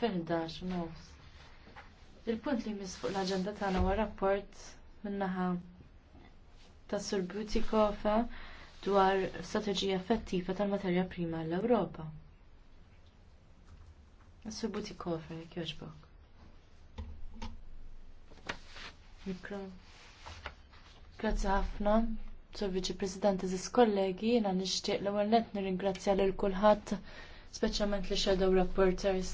fil-11 nofs. Il-punt li jmiss fuq l-agenda tagħna wara rapport minnaħa ta' Sur Buti dwar strateġija effettiva tal-materja prima l-Ewropa. Sur Butikofa, Kofa, jek joġbok. Mikro. Grazzi ħafna. Sur Viċi President, eżis kollegi, jena nixtieq l-ewwel nett nirringrazzja lil kulħadd speċjalment li xedaw rapporters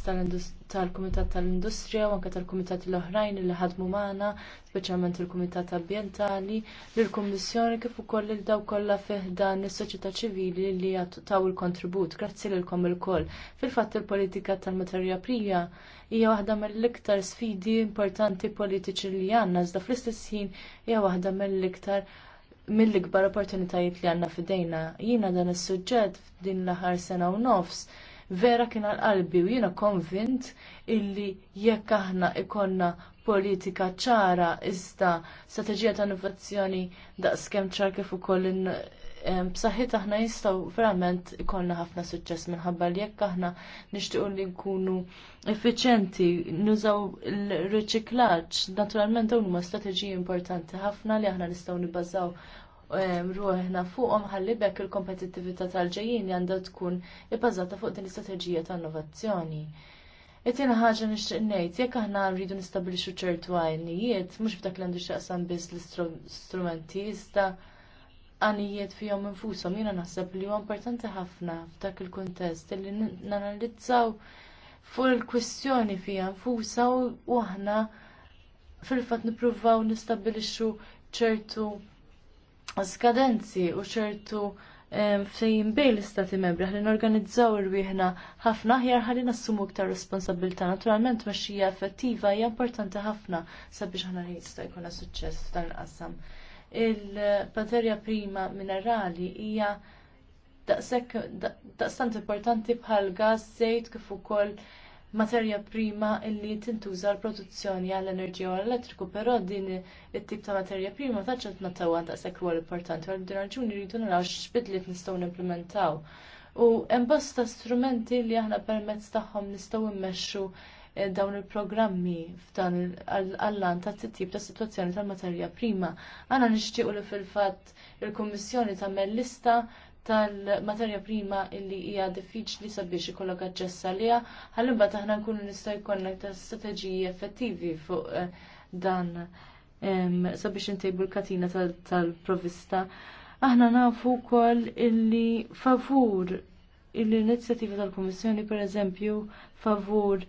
tal-Kumitat tal-Industrija u anke tal-Kumitat l-oħrajn li ħadmu magħna, speċjalment il-Kumitat Ambjentali, lill-Kummissjoni kif ukoll il daw kollha fih dan is-soċjetà ċivili li taw il-kontribut. Grazzi lilkom ilkoll. Fil-fatt il-politika tal-materja prija hija waħda mill-iktar sfidi importanti politiċi li għandna iżda fl-istess ħin hija waħda mill-iktar mill-ikbar opportunitajiet li għanna fidejna. Jina dan is-suġġett f'din l-aħħar sena u nofs vera kien għal-qalbi u jiena konvint illi jekk aħna ikonna politika ċara iżda strateġija ta' innovazzjoni skem ċar kif ukoll b'saħħit aħna jistgħu verament ikollna ħafna suċċess minħabba li jekk aħna nixtiequ li nkunu effiċenti, nużaw l-riċiklaġġ, naturalment dawn huma strateġiji importanti ħafna li aħna nistgħu nibbażaw ruħna fuqhom ħalli bekk il-kompetittività tal-ġejjin għandha tkun ibbażata fuq din l-istrateġija ta' innovazzjoni. It-tiena ħaġa nixtieq ngħid, jekk aħna rridu nistabilixxu ċertu għajnijiet, mhux f'dak li għandu x'aqsam biss l-istrumenti iżda għanijiet fihom infushom jiena naħseb li huwa importanti ħafna f'dak il-kuntest li nanalizzaw fuq il-kwistjoni fija nfusa u aħna fil-fatt nippruvaw nistabilixxu ċertu skadenzi u ċertu fejn bej l-istati membri ħalli norganizzaw irwieħna ħafna aħjar ħalli nassumu iktar responsabilità. Naturalment maċxija effettiva hija importanti ħafna sabiex ħana jista' jkollha suċċess f'dan il-qasam. Il-materja prima minerali hija daqsant importanti bħal gas, zejt, kif ukoll materja prima illi tintuża l-produzzjoni għall-enerġija u elettriku però din it-tip ta' materja prima taċċet ma tawa ta' sekku importanti għal din raġuni rridu naraw x'bidliet nistgħu nimplementaw. U hemm bosta strumenti li aħna permezz tagħhom nistgħu immexxu eh, dawn il-programmi f'dan għall-lan ta' t-tip ta' situazzjoni tal-materja prima. Għana nixtiequ li fil-fatt il-Kummissjoni tagħmel lista tal-materja prima illi hija diffiċli sabiex ikollok aċċess għaliha, ħallimba taħna nkunu nistgħu jkollna ta' strateġiji effettivi fuq eh, dan sabiex intejbu l-katina tal-provista. Aħna nafu wkoll illi favur l inizjativa tal-Kummissjoni pereżempju favur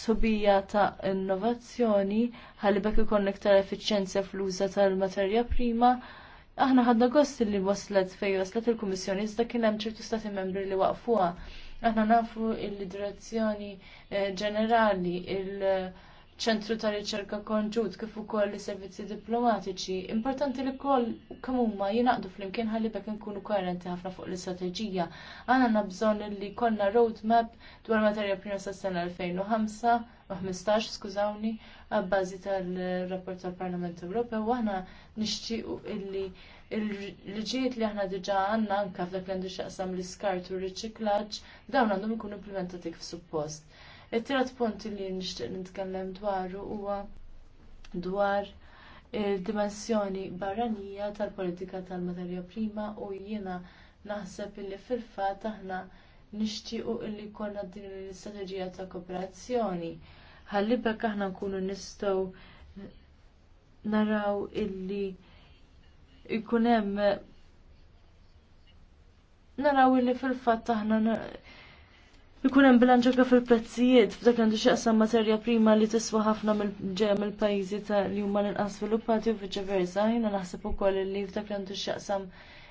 subija ta' innovazzjoni ħalli bekk ikollna iktar effiċjenza fl-uża tal-materja prima Aħna ħadna gost li waslet fej waslet il-Kummissjoni, iżda kien hemm ċertu stati membri li waqfuha. Aħna nafu l direzzjoni eh, ġenerali, il-ċentru ta' riċerka konġut kif ukoll is-servizzi diplomatiċi. Importanti li wkoll kemm huma jingħaqdu flimkien ħalli bekk inkunu koerenti ħafna fuq l-istrateġija. Aħna nabżonn li jkollna roadmap dwar materja prima sas-sena 2005 15 skużawni għabbażi tal-rapport tal-Parlament Ewropew u aħna nixtiequ illi l liġijiet li aħna diġa għanna anka f'dak li għandu xaqsam l skart u r-riċiklaġġ dawn għandhom ikunu implementatik kif suppost. Il-tirat punt li nixtieq nitkellem dwaru huwa dwar il-dimensjoni barranija tal-politika tal-materja prima u jiena naħseb illi fil-fatt aħna nixtiequ illi jkollna din l-istrateġija ta' kooperazzjoni ħalli bekk aħna nkunu nistgħu naraw illi jkun hemm naraw illi fil-fatt aħna Ikun hemm fil-prezzijiet f'dak li għandu xaqsa materja prima li tiswa ħafna mill il-pajzi pajjiżi li huma l-inqas sviluppati u viċi versa, jiena naħseb ukoll illi f'dak li għandu x'aqsam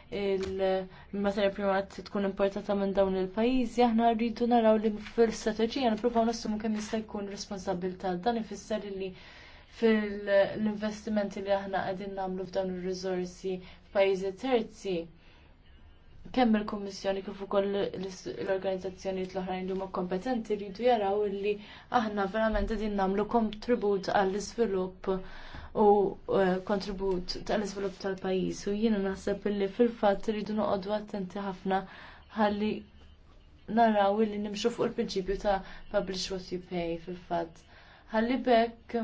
il-materja prima tkun importata minn dawn il-pajjiżi, aħna rridu naraw li fil-strateġija nippruvaw nassumu kemm jista' jkun responsabilità dan ifisser li fil-investimenti li aħna qegħdin nagħmlu f'dawn ir-riżorsi f'pajjiżi terzi kemm il-Kummissjoni kif ukoll l-organizzazzjonijiet l-oħrajn li huma kompetenti rridu jaraw li aħna verament qegħdin nagħmlu kontribut għall-iżvilupp u eh, kontribut tal-iżvilupp tal-pajjiż u jiena naħseb illi fil-fatt rridu noqogħdu attenti ħafna ħalli naraw illi nimxu fuq il-prinċipju ta' publish what you pay fil-fatt. Ħalli bekk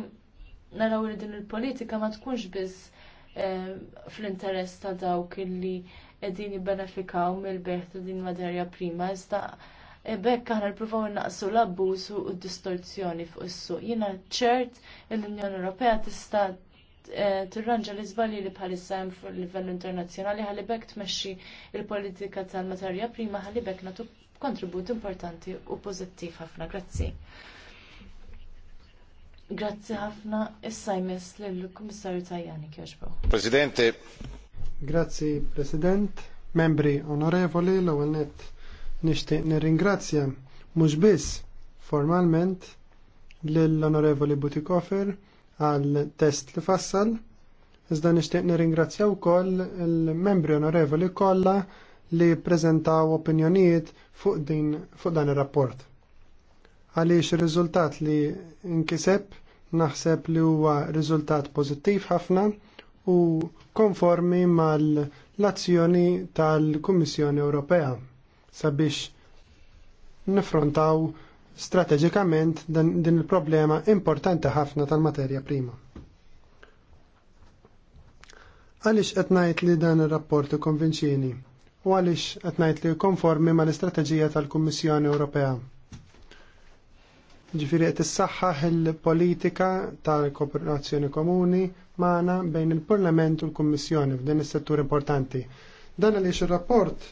naraw li din il-politika ma tkunx biss eh, fl-interess ta' dawk illi qegħdin jibbenefikaw mill-beħ ta' din materja prima, iżda e bekk aħna nippruvaw innaqsu l-abbuż u d-distorzjoni fuq is-suq. Jiena ċert l-Unjoni Ewropea tista' eh, tirranġa l iżbalji li bħalissa hemm fuq livell internazzjonali ħalli bekk tmexxi l politika tal-materja prima ħalli bekk nagħtu kontribut importanti u pożittiv ħafna. Grazzi. Grazzi ħafna issa jmiss lill-Kummissarju Tajani kieġbu. Presidente. Grazzi President, membri onorevoli l-ewwel nett Nixtieq nirringrazzja mhux biss formalment lill-Onorevoli Butikofer għal test li fassal, iżda nixtieq nirringrazzja wkoll il-membri onorevoli kollha li ppreżentaw opinjonijiet fuq din fuq dan ir-rapport. Għaliex ir-riżultat li nkiseb naħseb li huwa riżultat pożittiv ħafna u konformi mal-azzjoni tal-Kummissjoni Ewropea sabiex nifrontaw strateġikament din il-problema importanti ħafna tal-materja prima. Għalix etnajt li dan il-rapport konvinċini u għalix etnajt li konformi ma l-istrateġija tal-Kummissjoni Ewropea. Ġifiri qed issaħħaħ il-politika tal-kooperazzjoni komuni magħna bejn il-Parlament u l-Kummissjoni f'din is-settur importanti. Dan għaliex ir-rapport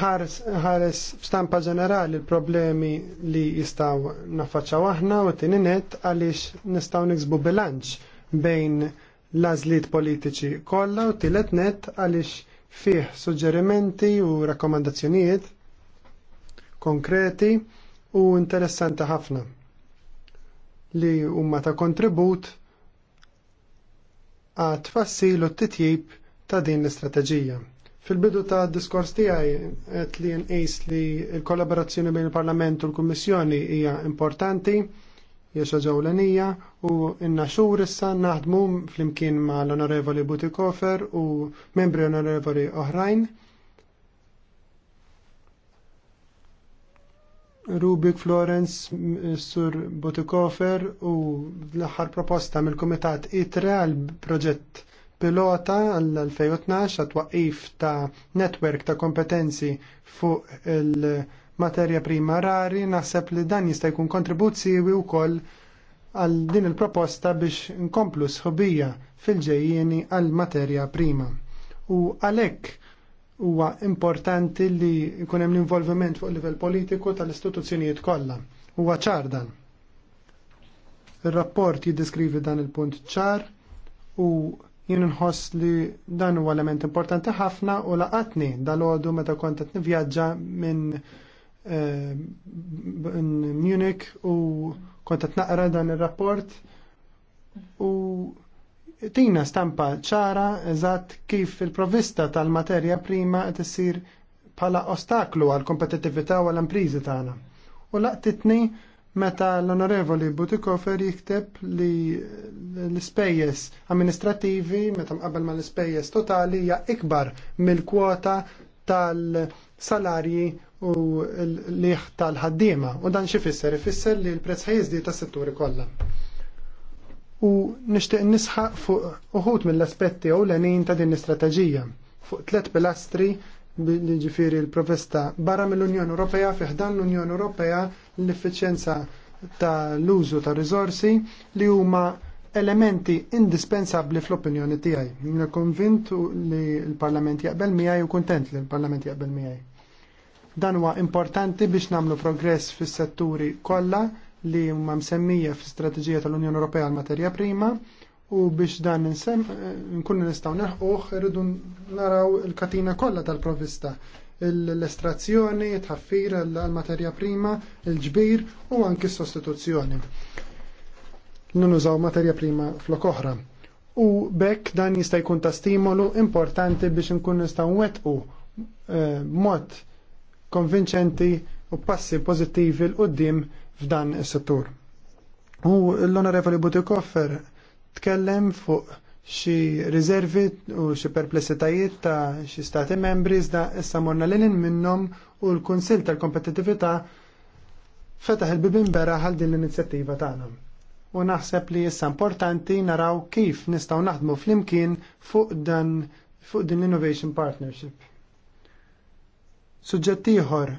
ħares stampa ġenerali l-problemi li jistaw naffaċċaw aħna u t tininet għaliex nistaw niksbu bilanċ bejn lażliet politiċi kollha u tielet net għaliex fih suġġerimenti u rakkomandazzjonijiet konkreti u interessanti ħafna li huma ta' kontribut għat tfassil u t-titjib ta' din l-istrateġija. Fil-bidu ta' diskors tiegħi qed li nqis li l-kollaborazzjoni bejn il-Parlament u l-Kummissjoni hija importanti, hija xi ġewlenija u inna xhur issa naħdmu flimkien ma' l-Onorevoli Butikofer u membri onorevoli oħrajn. Rubik Florence, Sur Butikofer u l-aħħar proposta mill-Kumitat ITRE għal proġett pilota għall-2012 għat-waqif ta' netwerk ta' kompetenzi fuq il-materja prima rari, naħseb li dan jista' jkun kontribuzzjiwi wkoll għal din il-proposta biex nkomplu sħobija fil-ġejjieni għall materja prima. U għalhekk huwa importanti li jkun hemm l-involviment fuq livell politiku tal-istituzzjonijiet kollha. Huwa ċar dan. Ir-rapport jiddeskrivi dan il-punt ċar u jien nħoss li dan huwa element importanti ħafna u laqatni dal-għodu meta kont qed nivvjaġġa eh, minn Munich u kont qed naqra dan ir-rapport u tina stampa ċara eżatt kif il-provvista tal-materja prima qed issir bħala ostaklu għal kompetittività u għall impriżi tagħna. U laqtitni meta l-onorevoli Butikofer jikteb li l-spejjes amministrativi, meta mqabbel ma l-spejjes totali, hija ikbar mill-kwota tal-salarji u l-liħ tal-ħaddima. U dan xifisser? Ifisser li l-prezz ħajizdi tas setturi kollha. U nixtieq nisħaq fuq uħut mill-aspetti ewlenin ta' din l-istrateġija fuq tliet pilastri ġifiri l-provesta barra mill-Unjoni Ewropea fiħdan l-Unjoni Ewropea l-effiċenza ta' l-użu ta' rizorsi li huma elementi indispensabli fl-opinjoni tiegħi. Jina konvint li l-Parlament jaqbel miegħi u kontent li l-Parlament jaqbel miegħi. Dan huwa importanti biex nagħmlu progress fis-setturi kollha li huma msemmija fl-istrateġija tal-Unjoni Ewropea għal materja prima u biex dan nsem eh, nkunu nistgħu neħquh irridu naraw il-katina kollha tal-provista l-estrazzjoni, tħaffir l-materja prima, il-ġbir u anki s-sostituzzjoni. Nunużaw materja prima flok oħra. U bekk dan jista' jkun ta' stimolu importanti biex nkun nistgħu nwettqu eh, mod konvinċenti u passi pożittivi l qudiem f'dan is-settur. U l-Onorevoli Butikoffer tkellem fuq xi riservi u xi perplessitajiet ta' xi stati membri iżda issa morna lilin minnhom u l-Kunsill tal-Kompetittività fetaħ il-bibin bera għal din l-inizjattiva tagħna. U naħseb li issa importanti naraw kif nistgħu naħdmu flimkien fuq dan fuq din l-Innovation Partnership. Suġġett ieħor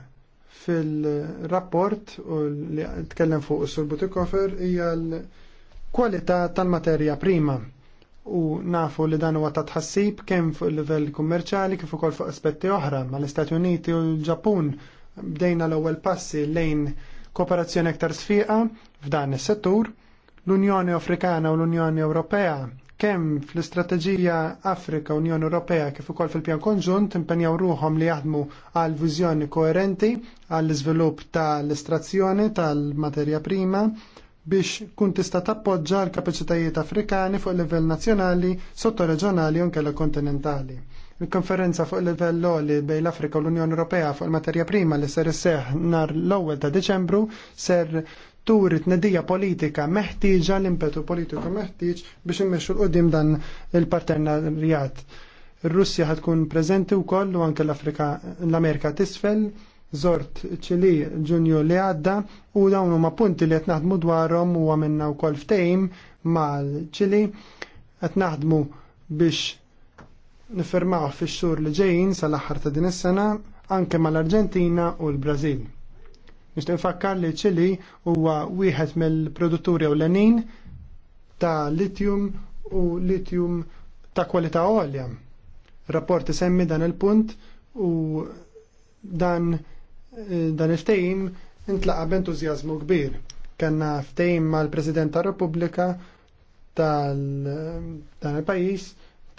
fil-rapport u li tkellem fuq is-Sur Butikofer hija l- kwalità tal-materja prima u nafu li dan huwa ta' tħassib kemm fuq il-livell kummerċjali kif ukoll fuq aspetti oħra mal-Istati Uniti u l-Ġappun bdejna l-ewwel passi lejn kooperazzjoni aktar sfiqa f'dan is-settur. L-Unjoni Afrikana u l-Unjoni Ewropea kemm fl-istrateġija Afrika Unjoni Ewropea kif ukoll fil-pjan konġunt impenjaw ruhom li jaħdmu għal viżjoni koerenti għall iżvilupp tal-istrazzjoni tal-materja prima biex kun tista' tappoġġa l-kapaċitajiet Afrikani fuq livell nazzjonali, sottoreġjonali u nkella kontinentali. Il-konferenza fuq livell logħli bejn l-Afrika u l-Unjoni Ewropea fuq il-materja prima li ser seħ nar l-ewwel ta' Deċembru ser turi tnedija politika meħtieġa l-impetu politiku meħtieġ biex immexxu l-qudiem dan il-partenarjat. Ir-Russja tkun preżenti wkoll u anke l-Afrika l-Amerika t'isfel Zort ċili ġunju li għadda u dawn huma punti li qed naħdmu dwarhom u għamilna wkoll ftejm mal-ċili qed naħdmu biex nifirmaw fix-xhur li ġejjin sal-aħħar ta' din is-sena anke mal-Arġentina u l-Brażil. Nixtieq nfakkar li ċili huwa wieħed mill-produtturi ewlenin ta' litium u litium ta' kwalità għolja. Rapporti semmi dan il-punt u dan dan il-ftejim intlaqa b'entużjażmu kbir. Kanna ftejim mal-President tar Repubblika tal-dan il-pajis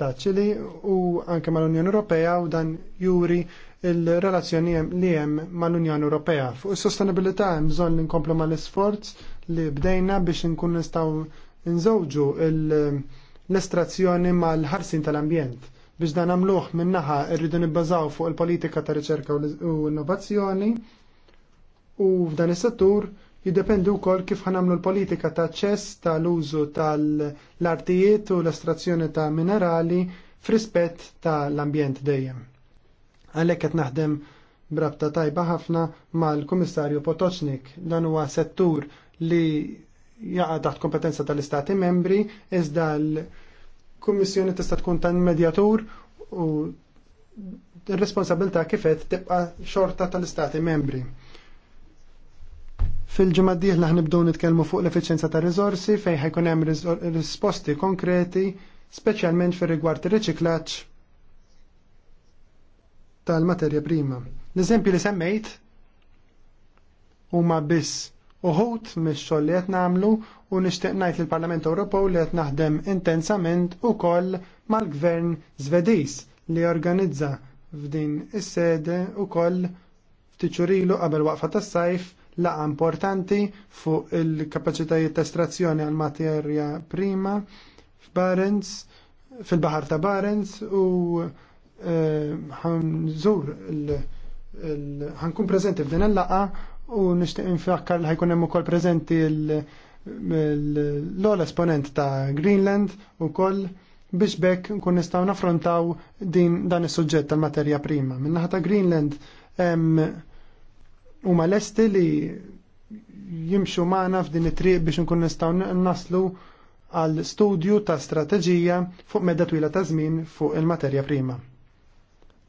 ta' ċili u anke mal-Unjoni Ewropea u dan juri il-relazzjoni li hemm mal-Unjoni Ewropea. Fuq is-sostenibilità hemm bżonn li nkomplu mal-isforz li bdejna biex nkun nistgħu nżewġu l-estrazzjoni mal-ħarsin tal-ambjent Biex dan nagħmluh min-naħa rridu nibbażaw fuq il-politika ta' riċerka u innovazzjoni u f'dan is-settur jiddependi wkoll kif ħanamlu l-politika ta' ċess tal-użu tal-artijiet u l-estrazzjoni ta' minerali frispett tal-ambjent dejjem. Għalhekk qed naħdem brabta tajba ħafna mal-Kummissarju Potocznik dan huwa settur li jaqa' taħt kompetenza tal-Istati membri iżda l- kummissjoni tista' tkun ta' mediatur u responsabilta kifet tibqa' xorta tal-istati membri. Fil-ġimgħa d-dieħla ħnibdew nitkellmu fuq l-effiċjenza ta' riżorsi fejn ħajkun hemm risposti konkreti, speċjalment fir-rigward ir-riċiklaġġ tal-materja prima. L-eżempju li semmejt huma biss uħut mis-xogħol li qed nagħmlu u nixtieq ngħid lill-Parlament Ewropew li qed naħdem intensament ukoll mal-Gvern Żvediż li organizza f'din is-sede ukoll ftiċurilu qabel waqfa tas-sajf laqgħa importanti fuq il-kapaċitajiet ta' estrazzjoni għal materja prima f'Barents fil-Baħar ta' Barents u eh, ħanżur ħankun prezenti f'din il laqgħa u nixtieq infakkar li ħajkun hemm ukoll preżenti l l ol esponent ta' Greenland u koll biex bekk nkun nistgħu naffrontaw din dan is-suġġett tal-materja prima. Min-naħa ta' Greenland huma lesti li jimxu magħna f'din it-triq biex nkun nistgħu naslu għal studju ta' strateġija fuq medda twila ta' żmien fuq il-materja prima.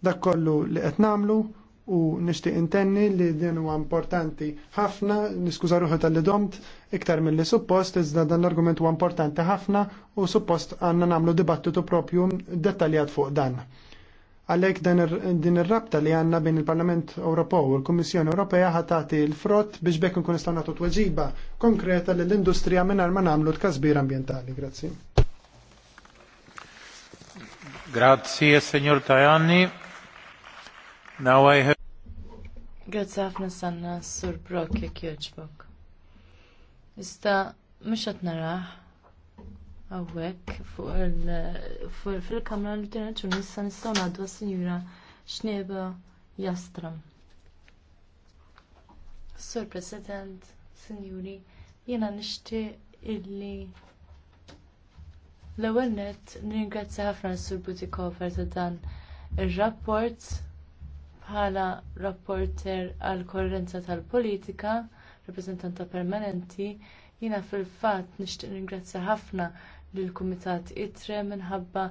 Dak kollu li qed nagħmlu u nixtieq intenni li din huwa importanti ħafna, niskuża ruħi tal-li domt iktar mill-li suppost, iżda dan l-argument huwa importanti ħafna u suppost għandna nagħmlu dibattitu propju dettaljat fuq dan. Għalhekk din ir-rabta li għandna bejn il-Parlament Ewropew u l-Kummissjoni Ewropea ħatati l-frott biex bekk nkun nistgħu nagħtu tweġiba konkreta lill industrija mingħajr ma nagħmlu tkasbir ambjentali. Grazzi. Grazie, signor Tajani. Now I have Grazzi ħafna sanna sur Brock jek joġbok. Ista mhux qed naraħ hawnhekk fil-kamra l-internet u nissa nistgħu għas-sinjura jastram. Sur President, Sinjuri, jena nishti illi l-ewwel nett nirringrazzja ħafna s-Sur Butikover ta' dan ir-rapport bħala rapporter għall korrenza tal-politika, rappresentanta permanenti, jiena fil-fatt nixtieq ningrazzja ħafna lill kumitat ITRE minħabba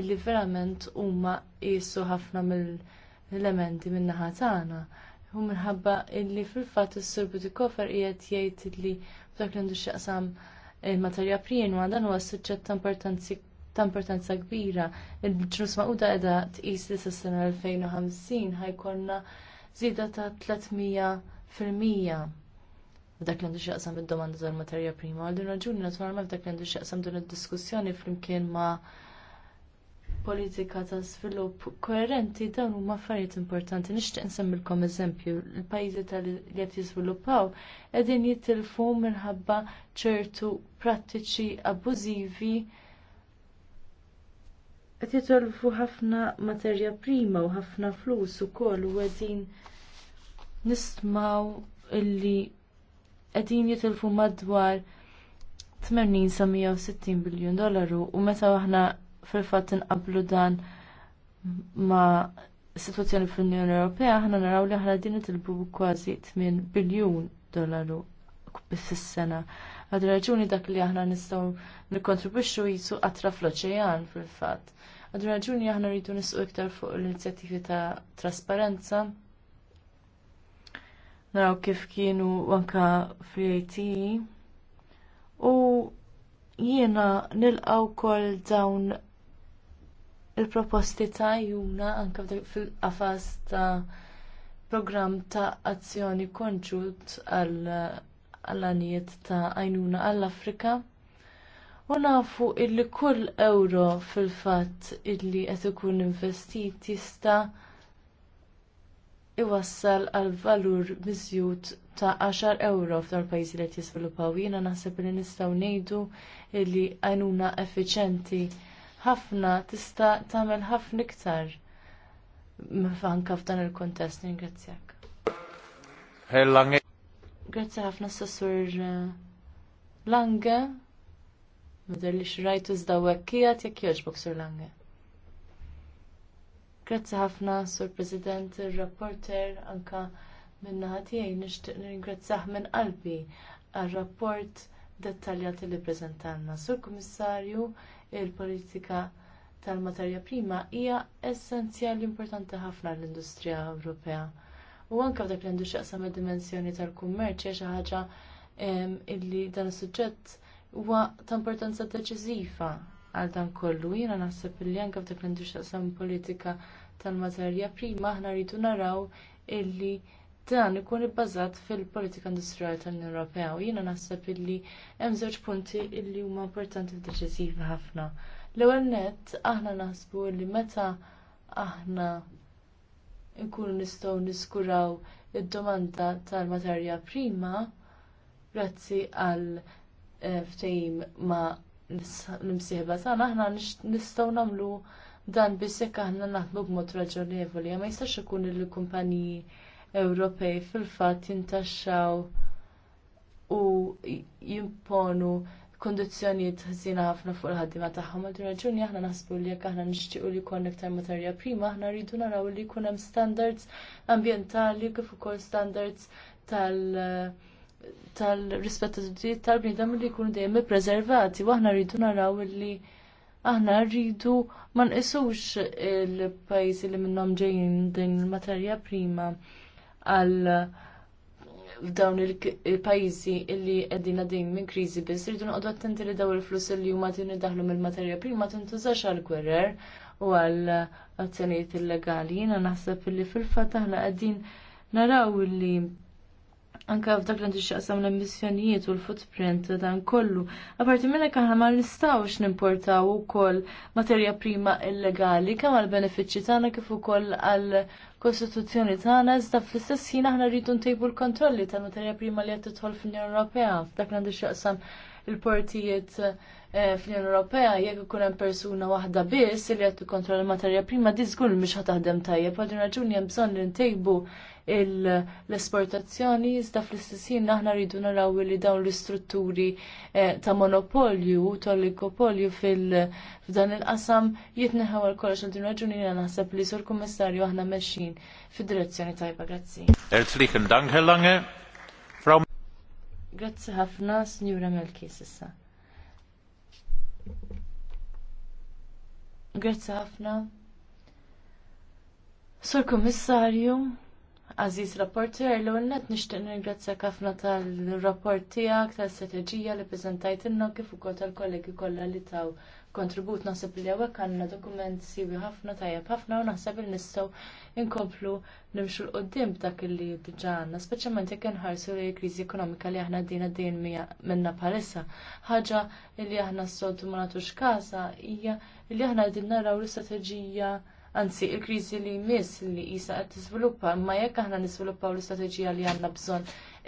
illi verament huma qisu ħafna mill-elementi min-naħa tagħna. U minħabba illi fil-fatt is-Sur Budikofer qiegħed jgħid illi f'dak li għandu x'jaqsam il-materja eh, prima dan huwa suġġett ta' importanzi ta' importanza kbira. Il-ġnus maquda qiegħda tqis li s-sena 2050 ħajkonna zida ta' 300 fil-mija. Dak l-għandu xaqsam id-domanda tal-materja prima. Għal din raġuni naturalment dak l-għandu xaqsam din id-diskussjoni flimkien ma' politika ta' svilupp koerenti dawn huma affarijiet importanti. Nixtieq nsemmilkom eżempju, il-pajjiżi tal qed jiżviluppaw qegħdin jittilfu minħabba ċertu prattiċi abbużivi qed jitolbu ħafna materja prima u ħafna flus ukoll u qegħdin nismaw illi qegħdin jitilfu madwar 80 biljun dollaru u meta aħna fil-fatt inqablu dan ma' situazzjoni fl-Unjoni Ewropea aħna naraw li aħna din nitilbu kważi 8 biljun dollaru is sena Għad raġuni dak li aħna nistgħu nikkontribwixxu jisu qatra fl-oċean fil-fatt. Għad raġuni aħna rridu nisqu iktar fuq l-inizjattivi ta' trasparenza. Naraw kif kienu wanka fl-IT. U jiena nilqaw kol dawn il-proposti ta' juna anka fil-qafas ta' program ta' azzjoni konġut għal għal-għanijiet ta' għajnuna għall-Afrika. U nafu illi kull euro fil-fatt illi qed ikun investit jista' iwassal għal valur miżjud ta' 10 euro f'dar pajjiżi li qed jiżviluppaw. Jiena naħseb li nistgħu ngħidu illi għajnuna effiċenti ħafna tista' tagħmel ħafna iktar anke f'dan il-kuntest. Ningrazzjak. Grazzi ħafna s-sur eh, Lange. Mada li xrajtu zdawek kijat jek joġbok sur Lange. Grazzi ħafna sur President, il-rapporter, anka minna ħatijaj nishtiq ringrazzaħ minn qalbi għal-rapport dettaljati li prezentanna. Sur Komissarju, il-politika tal-materja prima hija essenzjali importanti ħafna l-industrija Ewropea U anke dak li għandu x'aqsam id-dimensjoni tal-kummerċ xi ħaġa illi dan is-suġġett huwa ta' importanza deċiżiva għal dan kollu. Jiena naħseb illi anke dak li għandu x'aqsam politika tal-materja prima aħna rridu naraw illi dan ikun ibbażat fil-politika industrijali tal-Unjoni Ewropea u jiena naħseb illi hemm żewġ punti illi huma importanti u deċiżivi ħafna. L-ewwel nett aħna naħsbu li meta aħna nkunu nistgħu niskuraw id-domanda tal-materja prima grazzi għal eh, ftehim ma l tagħna aħna nistgħu nagħmlu dan biss jekk aħna naħdmu b'mod raġonevoli ma jistax ikun li l-kumpaniji Ewropej fil-fatt jintaxxaw u jimponu kondizzjonijiet ħżina ħafna fuq il-ħaddima tagħhom għal raġuni aħna naħsbu li jekk aħna nixtiequ li jkun iktar materja prima aħna rridu naraw li jkun hemm standards ambjentali kif ukoll standards tal- tal-rispett tad-dritt tal-bniedem li jkunu dejjem ippreservati u aħna rridu naraw li aħna rridu ma nqisux il-pajjiżi li minnhom ġejjin din il-materja prima għal f'dawn il-pajjiżi illi qegħdin għadin minn kriżi biss irridu noqogħdu attenti li daw il-flus illi huma qed daħlu mill-materja prima tintużax għal gwerer u għal azzjonijiet illegali. Jiena naħseb illi fil-fatt aħna qegħdin naraw illi anke f'dak li xaqsam l-emissjonijiet u l-footprint dan kollu. Aparti minn hekk aħna ma nistgħux nimportaw ukoll materja prima illegali kemm għall benefiċċji tagħna kif ukoll għall kostituzzjoni tagħna iżda fl-istess ħin aħna rridu ntejbu l-kontrolli tal-materja prima li qed tidħol fl-Unjoni Ewropea f'dak li xaqsam il-portijiet eh, fl-Unjoni Ewropea jekk ikun hemm persuna waħda biss li qed tikkontrolla l-materja prima di żgur mhix ħataħdem tajjeb għal raġuni hemm bżonn li ntejbu l-esportazzjoni, iżda fl-istess ħin aħna rridu naraw li dawn l-istrutturi eh, ta' monopolju u ta' oligopolju f'dan il-qasam jitneħaw għal kollox għal din raġuni li naħseb li sur kummissarju aħna meċin fid-direzzjoni tajba. Grazzi. Herzlichen Dank, Herr Lange. Grazzi ħafna, Signora Melki, sissa. Grazzi ħafna. Sur Kommissarju, Aziz rapporter, l għonnet nishtiq ningrazzja ħafna tal-rapport tiegħek, tal-strateġija li prezentajt inna kif ukoll tal-kollegi kollha li taw kontribut naħseb li għawek għandna dokument siwi ħafna tajjeb ħafna u naħseb li nistaw nkomplu nimxu l qoddim ta' li diġà għandna, speċjalment jekk inħarsu li krizi ekonomika li aħna din minna minnha bħalissa. Ħaġa li aħna s-soltu ma nagħtux każa hija li aħna dinna raw l strategija anzi il-kriżi li jmiss li jisa qed tiżviluppa, imma jekk aħna niżviluppaw l-istrateġija li għandna bżonn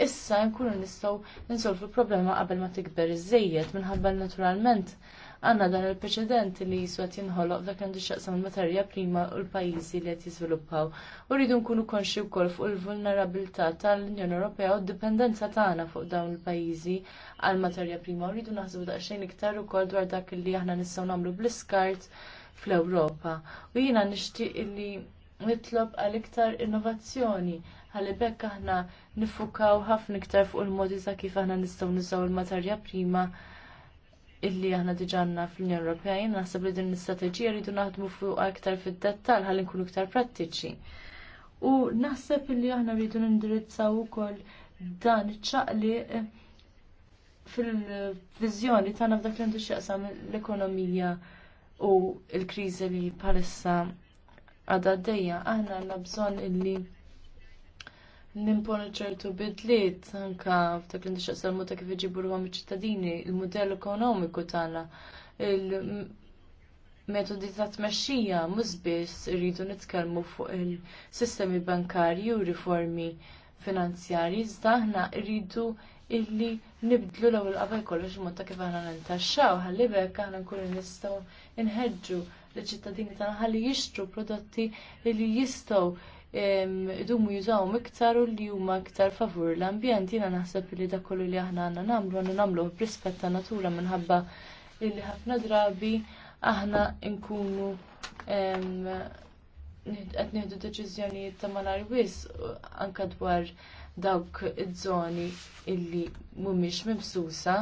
issa nkunu nistgħu ninsolfu l-problema qabel ma tikber iżejjed minħabba naturalment għandna dan il-preċedent li jiswa qed jinħoloq dak għandu xaqsam il-materja prima u l-pajjiżi li qed jiżviluppaw. U rridu nkunu konxi wkoll fuq il-vulnerabilità tal-Unjoni Ewropea u d-dipendenza tagħna fuq dawn il-pajjiżi għal materja prima u rridu naħsbu daqsxejn iktar ukoll dwar dak li aħna nistgħu nagħmlu bl-iskart fl-Ewropa. U jiena nixtieq illi nitlob għal iktar innovazzjoni għal bekk aħna nifukaw ħafna iktar fuq il-modi ta' kif aħna nistgħu nisaw il-materja prima illi aħna diġanna fl-Unjoni Ewropea jien naħseb li din l-istrateġija rridu naħdmu fuq iktar fid-dettall ħalli nkunu iktar prattiċi. U naħseb illi aħna rridu nindirizzaw ukoll dan iċ-ċaqliq eh, fil-viżjoni tagħna f'dak li għandu x'jaqsam l-ekonomija u l-kriżi li bħalissa għadha għaddejja aħna għandna bżonn illi nimponu ċertu bidliet anke f'dak li nixtaqsal ta' kif iġiburuhom iċ-ċittadini, il-mudell ekonomiku tagħna, il-metodi ta' tmexxija mhux biss irridu nitkellmu fuq il-sistemi bankarji u riformi finanzjarji, iżda aħna rridu illi nibdlu l-ewwel qabel kollox mod ta' kif aħna nintaxxaw ħalli bekk aħna nkunu nistgħu nħeġġu l-ċittadini tagħna ħalli jixtru prodotti li jistgħu idumu jużawhom iktar u li huma iktar favur l-ambjent. Jiena naħseb li dak kollu li aħna għandna nagħmlu għandna nagħmluh b'rispett ta' natura minħabba li ħafna drabi aħna nkunu qed nieħdu deċiżjonijiet ta' malar wis anke dwar dawk iż-żoni illi mhumiex mibsusa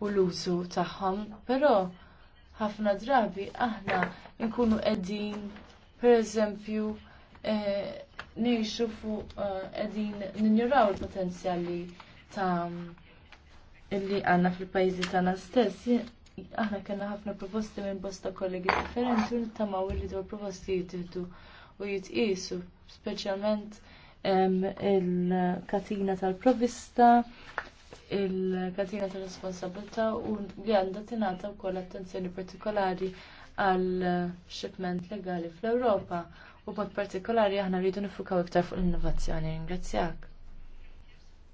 u l-użu tagħhom, però ħafna drabi aħna nkunu qegħdin pereżempju eh, ngħixu fuq eh, qegħdin ninjuraw il-potenzjali ta' illi għandna fil-pajjiżi tagħna stess aħna kena ħafna proposti minn bosta kollegi differenti u nittamaw li dwar proposti jitihdu u jitqisu, speċjalment il-katina tal-provista, il-katina tal-responsabilta u li għandha tingħata wkoll attenzjoni partikolari għal shipment legali fl-Ewropa u b'mod partikolari aħna rridu nifukaw iktar fuq l-innovazzjoni. Ringrazzjak.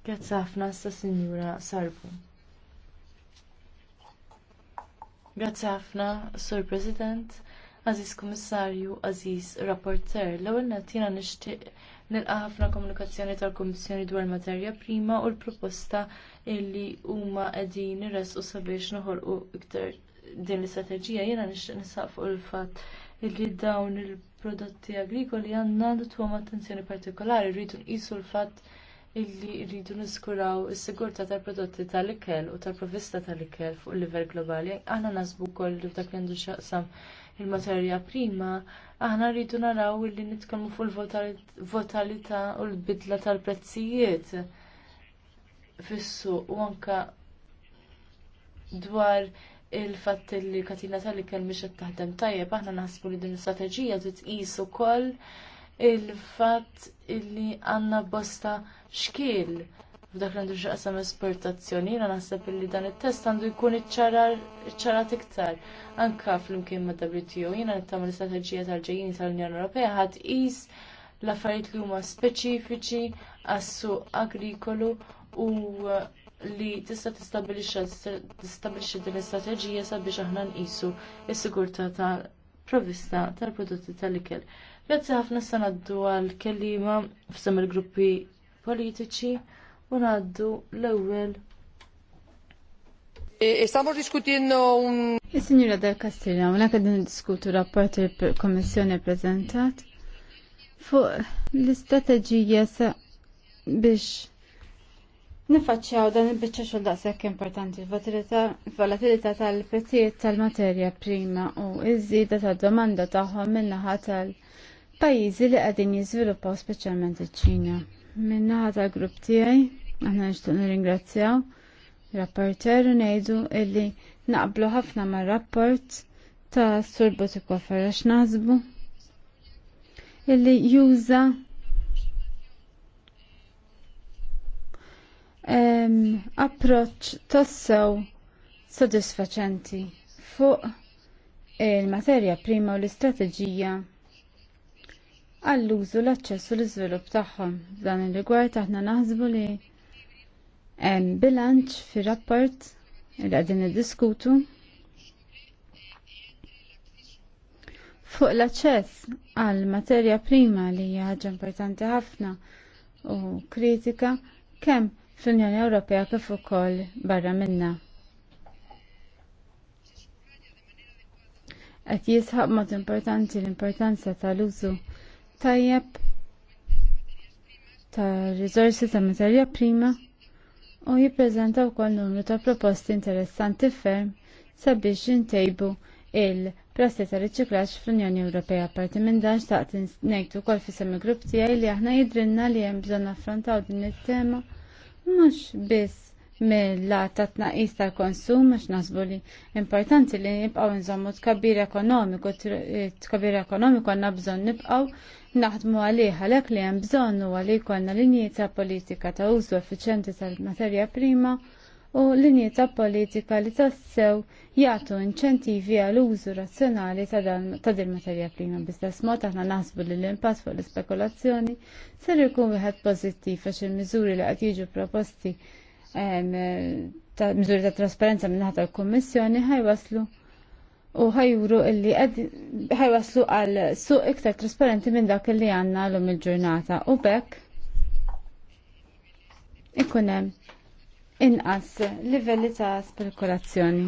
Grazzi ħafna sta Sinjura Sarbu. Grazzi ħafna, Sur President, Aziz Kummissarju, Aziz Rapporter. L-ewwel nagħtina nixtieq nilqa ħafna komunikazzjoni tal-Kummissjoni dwar materja prima u l-proposta illi huma qegħdin irresqu sabiex noħolqu iktar din l-istrateġija jiena nixtieq nisaq fuq il-fatt illi dawn il-prodotti agrikoli għandna nitwhom attenzjoni partikolari rridu nqisu l-fatt illi rridu niskuraw is-sigurtà tal-prodotti tal-ikel u tal-provista tal-ikel fuq livell globali. Aħna nasbu wkoll li dak għandu xaqsam il-materja prima, aħna rridu naraw illi nitkellmu fuq il-votalità u l-bidla tal-prezzijiet fis-suq u anke dwar il-fatt li katina tal-ikel mhix qed taħdem tajjeb, aħna naħsbu li din l-istrateġija tqis ukoll koll il-fatt illi għandna bosta xkiel f'dak għandu xaqsam esportazzjoni, jina naħseb li dan il-test għandu jkun iċċarat iktar. Anka fl-imkien ma' WTO, jina nittam l-istrateġija tal ġejjin tal-Unjoni Ewropea ħadd is l-affarijiet li huma speċifiċi għassu agrikolu u uh, li tista' tistabilixxi din l-istrateġija sabiex aħna nqisu s-sigurtà tal-provista tal-prodotti tal-ikel. tal prodotti tal ikel Grazzi ħafna għaddu għal kellima f'sem il-gruppi politiċi u għaddu l-ewwel Istanbul e, e diskutino un... Il-Signora del Castilla, una kadin diskutu rapport il komissjoni prezentat fuq l-istrateġija biex nifacċaw dan il-bicċa xol sekk importanti l-volatilità tal-prezzijiet tal-materja prima u iż-żieda domanda tagħhom minnaħa tal-, -tal, pajjiżi li qegħdin jiżviluppaw speċjalment iċ-Ċina. Minnaħa tal-grupp tiegħi aħna nixtieq nirringrazzjaw rapporter u ngħidu illi naqblu ħafna mar-rapport ta' Sur Botikoffer għax naħsbu illi juża um, approċ tassew sodisfaċenti fuq il-materja prima u l-istrateġija għall-użu l-aċċess u l-iżvilupp tagħhom. F'dan ir-rigward aħna naħsbu li hemm bilanċ fir-rapport li qegħdin diskutu fuq l-aċċess għal materja prima li hija ħaġa importanti ħafna u kritika kemm fl-Unjoni Ewropea kif ukoll barra minnha. Qed jisħaq mod importanti l-importanza tal-użu tajjeb ta' rizorsi ta' materja prima u jippreżenta wkoll numru ta' proposti interessanti ferm sabiex jintejbu il-prassi ta' riċiklaġġ fl-Unjoni Ewropea parti minn dan xtaqt ngħidu wkoll fis semi grupp tiegħi li aħna jidrinna li hemm bżonn affrontaw din it-tema mhux biss mill la ta' tnaqis tal-konsum għax nasbu li importanti li nibqgħu nżommu tkabbir ekonomiku, tkabbir ekonomiku għandna bżonn nibqgħu naħdmu għalih għalhekk li hemm bżonn u għalih konna linji ta' politika ta' użu effiċenti tal-materja prima u linji ta' politika li tassew jagħtu inċentivi għal użu razzjonali ta' din materja prima. Bistess mod aħna naħsbu li l-impass fuq l-ispekulazzjoni ser ikun wieħed pożittiv għax il-miżuri li qed jiġu proposti ta' mżuri ta' trasparenza minn ħata l-Kommissjoni ħajwaslu u ħajuru illi ħajwaslu għal suq iktar trasparenti minn dak li għanna l-lum il-ġurnata u bekk ikunem inqas livelli ta' spekulazzjoni.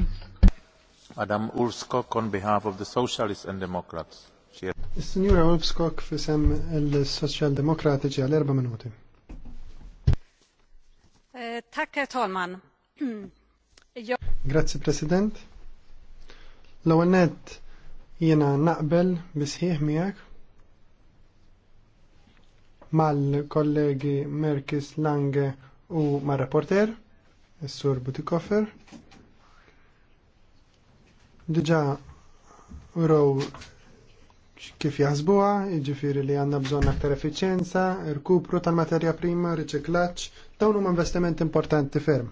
Adam Urskok on behalf of the Socialists and Democrats. Signora Urskok fisem il-Social Demokratiċi għal erba' minuti. Eh, Grazie President. L-għonet jena naqbel bisħieħ miegħek mal-kollegi Merkis Lange u mar-rapporter, s-sur Butikoffer. Diġa uraw kif jaħsbuha, jiġifieri li għandna bżonn aktar effiċjenza, irkupru tal-materja prima, riċiklaġġ, Dawn huma investiment importanti ferm.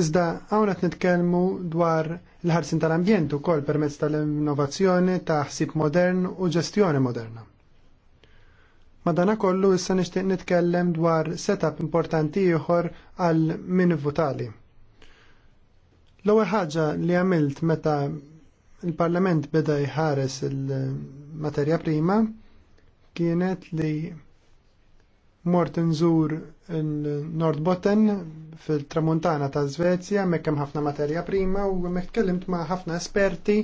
Iżda hawn qed nitkellmu dwar il-ħarsin tal-ambjent ukoll permezz tal-innovazzjoni ta' ħsib modern u ġestjoni moderna. Madana kollu issa nixtieq nitkellem dwar setup importanti ieħor għal min votali. L-ewwel ħaġa li għamilt meta il-Parlament beda jħares il-materja prima kienet li Mort nżur Nordbotten fil-Tramuntana ta' Svezja, mekkem ħafna materja prima u mek ma' ħafna esperti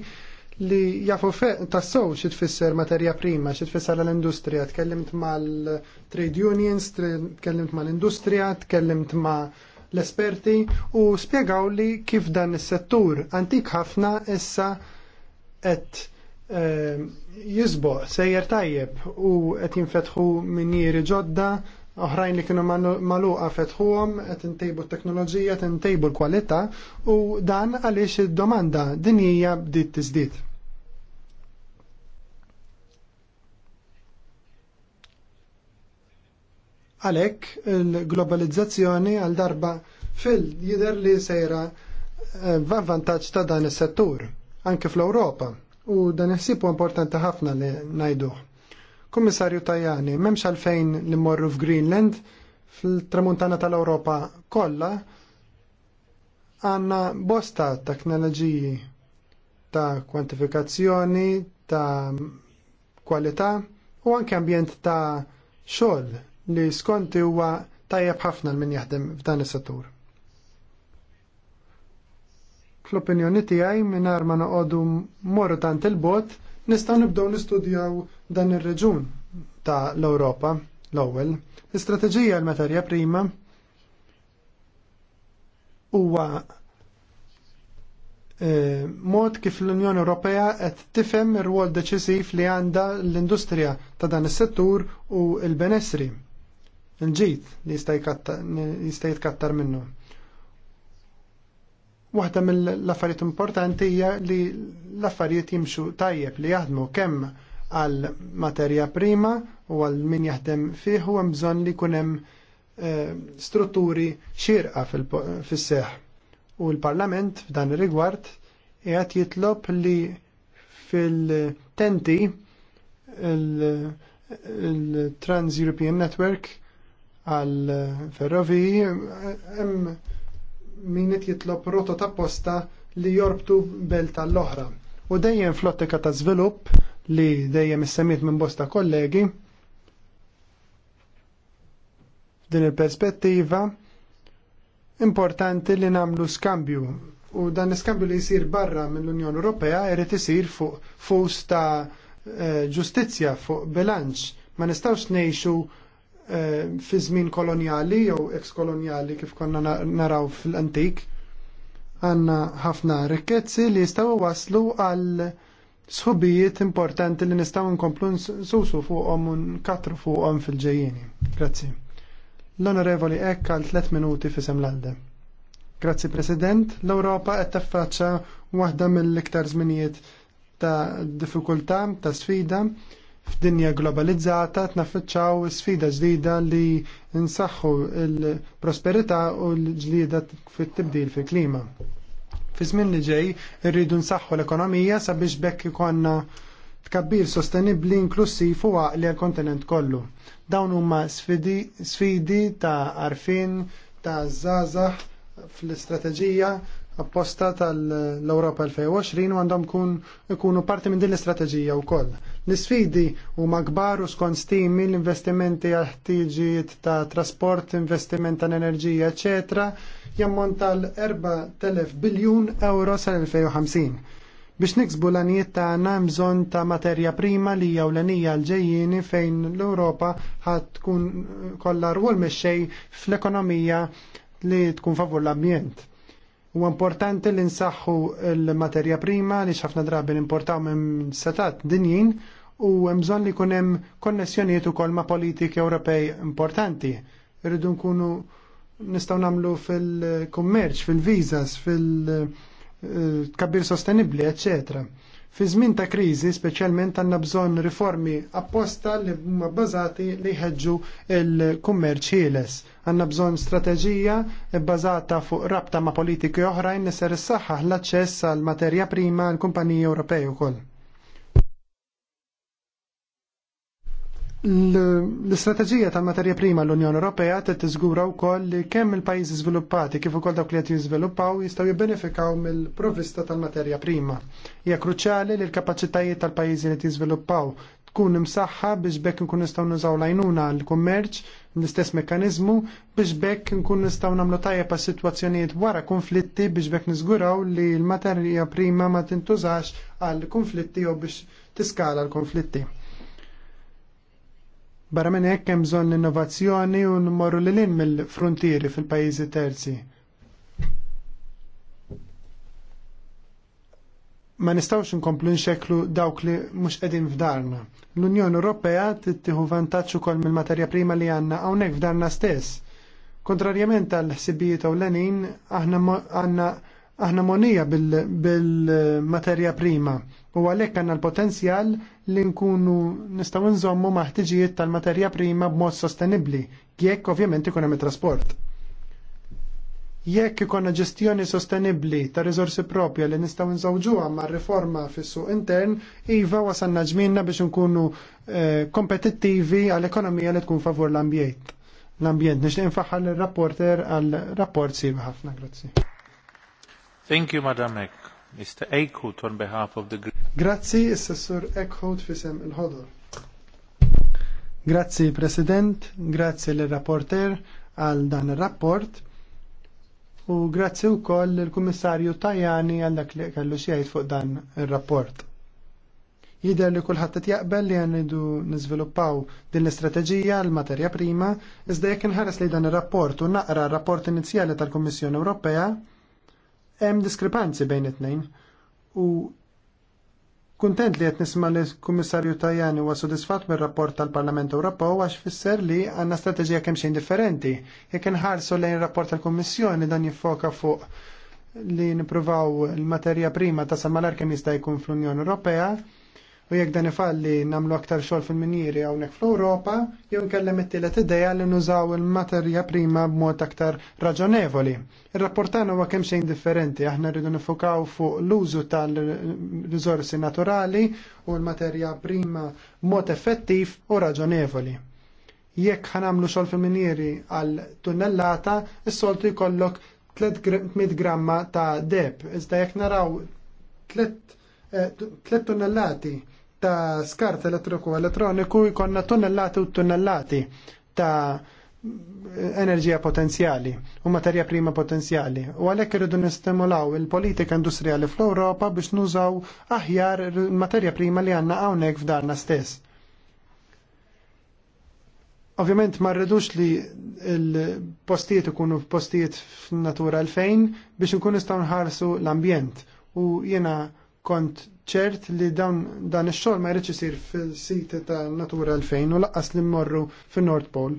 li jafu tassow xie tfisser materja prima, xie tfisser l-industrija, tkellimt mal-trade unions, tkellimt mal-industrija, tkellimt ma' l-esperti u spiegaw li kif dan is-settur antik ħafna issa et Ehm, jizbo, sejjer tajjeb u qed jinfetħu minniri ġodda oħrajn li kienu maluqa fetħuhom qed intejbu t-teknoloġija, għet intejbu l-kwalità u dan għaliex id-domanda din hija bdiet tiżdied. Għalhekk il-globalizzazzjoni għal darba fil-jider li sejra eh, vantaġġ ta' dan is-settur anke fl-Ewropa u dan nħsibu importanti ħafna li najduħ. Kummissarju Tajani, memx għalfejn li morru f'Greenland, fil-tramuntana tal-Europa kollha għanna bosta teknoloġiji ta' kwantifikazzjoni, ta' kwalità u anke ambjent ta' xogħol li skonti huwa tajjeb ħafna l-min jaħdem f'dan is-settur fl-opinjoni tiegħi mingħajr ma noqogħdu morru tant il-bot nistgħu nibdew nistudjaw dan ir-reġun ta' l-Ewropa l-ewwel. L-istrateġija l-materja prima huwa eh, mod kif l-Unjoni Ewropea qed tifhem ir-rwol deċisiv li għandha l-industrija ta' dan is-settur u l-benessri. Il-ġid li jista' jitkattar minnu. Waħda mill-affarijiet importanti hija li l-affarijiet jimxu tajjeb li jaħdmu kemm għal materja prima u għal min jaħdem fih u hemm bżonn li jkun hemm eh, strutturi xirqa fis-seħ. U l-Parlament f'dan ir-rigward qiegħed jitlob li fil-tenti il-Trans-European Network għal ferroviji eh, hemm min qed jitlob roto ta' posta li jorbtu belt tal-oħra. U dejjem flottika ta' żvilupp li dejjem issemmit minn bosta kollegi din il-perspettiva importanti li namlu skambju u dan l-iskambju li jisir barra mill-Unjoni Ewropea jrid isir fuq fost ta' eh, ġustizzja fuq bilanċ ma nistawx nejxu Eh, fi żmien kolonjali jew ex koloniali kif konna naraw fil-antik għanna ħafna rikkezzi li jistaw waslu għal sħubijiet importanti li nistaw nkomplu nsusu fuqhom u nkatru fuqhom fil-ġejjeni. Grazzi. L-Onorevoli Ek għal 3 minuti fi l-alde. Grazzi President, l-Europa qed taffaċċa waħda mill-iktar żminijiet ta' diffikultà, ta' sfida F'dinja globalizzata tnaffiċċaw sfida ġdida li nsaħħu l-prosperità u l ġlieda fit-tibdil fil-klima. Fi żmien li ġej irridu nsaħħu l-ekonomija sabiex bekk ikonna tkabbir sostenibli inklusiv u għaqli għal-kontinent kollu. Dawn huma sfidi, sfidi ta' arfin, ta' zazax fl-istrateġija apposta tal-Europa 2020 u għandhom kun ikunu parti minn din l-istrateġija u koll. L-sfidi u magbar u skont stimi l-investimenti għal-ħtiġijiet ta' trasport, investiment ta' enerġija, ecc. jammont tal-4.000 biljun euro sal-2050. Biex niksbu l-anijiet ta' namżon ta' materja prima li jew l l-ġejjini fejn l-Europa ħat tkun kollha rwol mexxej fl-ekonomija li tkun favur l-ambjent. U importanti li nsaħħu l-materja prima li ħafna drabi importaw minn setat dinjin u bżonn li jkun hemm konnessjonijiet ukoll ma' politiki Ewropej importanti. Rridu nkunu nistgħu nagħmlu fil-kummerċ, fil-vizas, fil eh, kabir sostenibbli, eccetera. Fi żmien ta' kriżi speċjalment għandna bżonn riformi apposta li huma bbażati li jħeġġu l-kummerċ ħieles. Għandna bżonn strateġija bbażata fuq rabta ma' politiki oħrajn li ser issaħħaħ l-aċċess għal materja prima għall kumpaniji Ewropej ukoll. L-istrateġija tal-materja prima l-Unjoni Ewropea qed tiżgura wkoll li kemm il-pajjiżi żviluppati kif ukoll dawk li qed jiżviluppaw jistgħu jibbenefikaw mill-provvista tal-materja prima. Hija kruċjali li l-kapaċitajiet tal-pajjiżi li jiżviluppaw tkun imsaħħa biex bekk nkun nistgħu nużaw lajnuna l-kummerċ l-istess mekkaniżmu biex bekk nkun nistgħu nagħmlu tajjeb għas sitwazzjonijiet wara konflitti biex bekk niżguraw li l-materja prima ma tintużax għal konflitti jew biex tiskala l-konflitti. Barra minn hekk hemm bżonn innovazzjoni u nmorru lil in mill-frontieri fil-pajjiżi terzi. Ma nistgħux inkomplu nxeklu dawk li mhux qegħdin f'darna. L-Unjoni Ewropea tittieħu vantaġġ ukoll mill-materja prima li għandna hawnhekk f'darna stess. Kontrarjament għall ħsibijiet ewlenin aħna għandna aħna monija bil-materja prima u għalhekk għandna l-potenzjal li nkunu nistgħu nżommu maħtiġijiet tal-materja prima b'mod sostenibbli jekk ovvjament ikun hemm trasport. Jekk ikonna ġestjoni sostenibbli ta' riżorsi propja li nistgħu nżawġuha ma' riforma fis-suq intern, iva wasanna ġminna biex nkunu eh, kompetittivi għall-ekonomija li tkun favur l-ambjent. L-ambjent nixtieq nfaħħal ir rapporter għal rapport sieħ ħafna grazzi. Thank you, Madam Eck. Mr. Eichhout on behalf of the Green. Grazzi, Assessor Eichhout fisem il-ħodor. Grazzi, President, grazzi l-rapporter għal dan il-rapport u grazzi u koll il-Kummissarju Tajani għal dak li kellu xiejt fuq dan il-rapport. Jider li kullħat jaqbel li għanidu nizviluppaw din l-istrateġija l-materja prima, iżda jekk nħares li dan il-rapport u naqra il-rapport inizjali tal-Kommissjoni Ewropea, hemm diskrepanzi bejn it-tnejn u Kuntent li qed nisma li kummissarju Tajani huwa sodisfatt mir-rapport tal-Parlament Ewropew għax fisser li għandna strateġija kemm xejn differenti. Jekk inħarsu lejn ir-rapport tal-Kummissjoni dan jiffoka fuq li nippruvaw il-materja prima ta' samalar kemm jista' jkun fl-Unjoni Ewropea, u jekk dan ifalli nagħmlu aktar xogħol fil-minieri hawnhekk fl-Ewropa, jew nkellem it-tielet idea li nużaw il-materja prima b'mod aktar raġonevoli. ir rapportana huwa kemm xejn differenti, aħna rridu nifukaw fuq l-użu tal-riżorsi naturali u l-materja prima b'mod effettiv u raġonevoli. Jekk ħanamlu xogħol fil-minieri għal tunnellata, is-soltu jkollok 300 gramma ta' deb, iżda jekk naraw 3 eh, tunnellati ta' skart elettriku elettroniku jkollna tunnellati u tunnellati ta' enerġija potenzjali u materja prima potenzjali. U għalhekk irridu nistimulaw il-politika industrijali fl-Ewropa biex nużaw aħjar materja prima li għandna hawnhekk f'darna stess. Ovvjament ma rridux li l-postijiet ikunu postijiet f'natura l fejn biex nkunu nistgħu nħarsu l-ambjent u jiena kont ċert li dawn dan ix-xogħol ma jridx isir fil-siti ta' Natura 2000 u laqqas li mmorru fin-Nord Pole.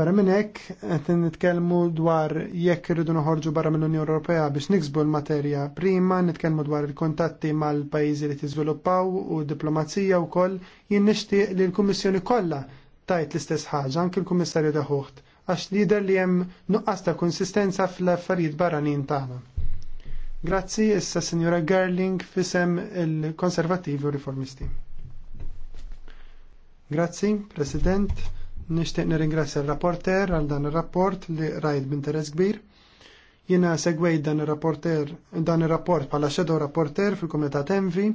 Barra minn hekk qed nitkellmu dwar jekk irridu noħorġu barra mill-Unjoni Ewropea biex niksbu l-materja prima, nitkellmu dwar il-kontatti mal-pajjiżi li tiżviluppaw u diplomazija wkoll jien nixtieq li l-Kummissjoni kollha tajt l-istess ħaġa anke l-Kummissarju Daħuħt għax lider li hemm nuqqas ta' konsistenza fl-affarijiet barranin tagħna. Grazzi issa Signora Gerling fisem il-Konservativi u Riformisti. Grazzi, President. Nishtiq nirringrazzja l-rapporter għal dan ir-rapport li rajt teres kbir. Jiena segwej dan ir-rapporter dan rapport bħala xedo rapporter fil-Kumitat Envi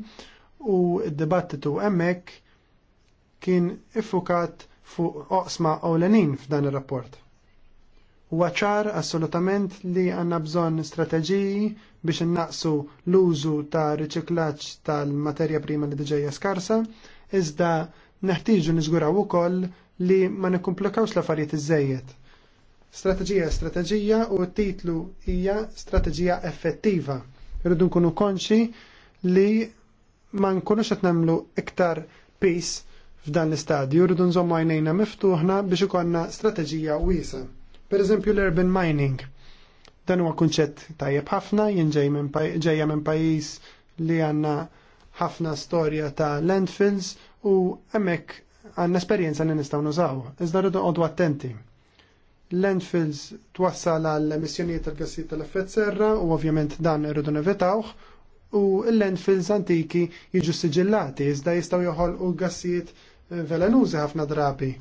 u d-dibattitu hemmhekk kien iffukat fuq oqsma ewlenin f'dan ir-rapport. Huwa ċar assolutament li għandna bżonn strateġiji biex innaqsu l-użu ta' riċiklaġġ tal-materja prima li diġejja skarsa, iżda neħtieġu niżguraw ukoll li ma nikkumplikawx l-affarijiet iżejjed. Strateġija strateġija u t-titlu hija strateġija effettiva. Irridu nkunu konxi li ma nkunux qed nagħmlu iktar peace f'dan l-istadju, rridu nżommu għajnejna miftuħna biex ikonna strateġija wiesa. Per eżempju l-urban mining. Dan huwa kunċett tajjeb ħafna, jien ġejja minn pajjiż li għandna ħafna storja ta' landfills u hemmhekk għandna esperjenza li nistgħu nużaw. Iżda rridu għodu attenti. Landfills twassal għal emissjonijiet tal-gassijiet tal-effett serra u ovvjament dan irridu nevitawh u l-landfills antiki jiġu siġillati iżda jistgħu joħolqu gassijiet velenużi ħafna drabi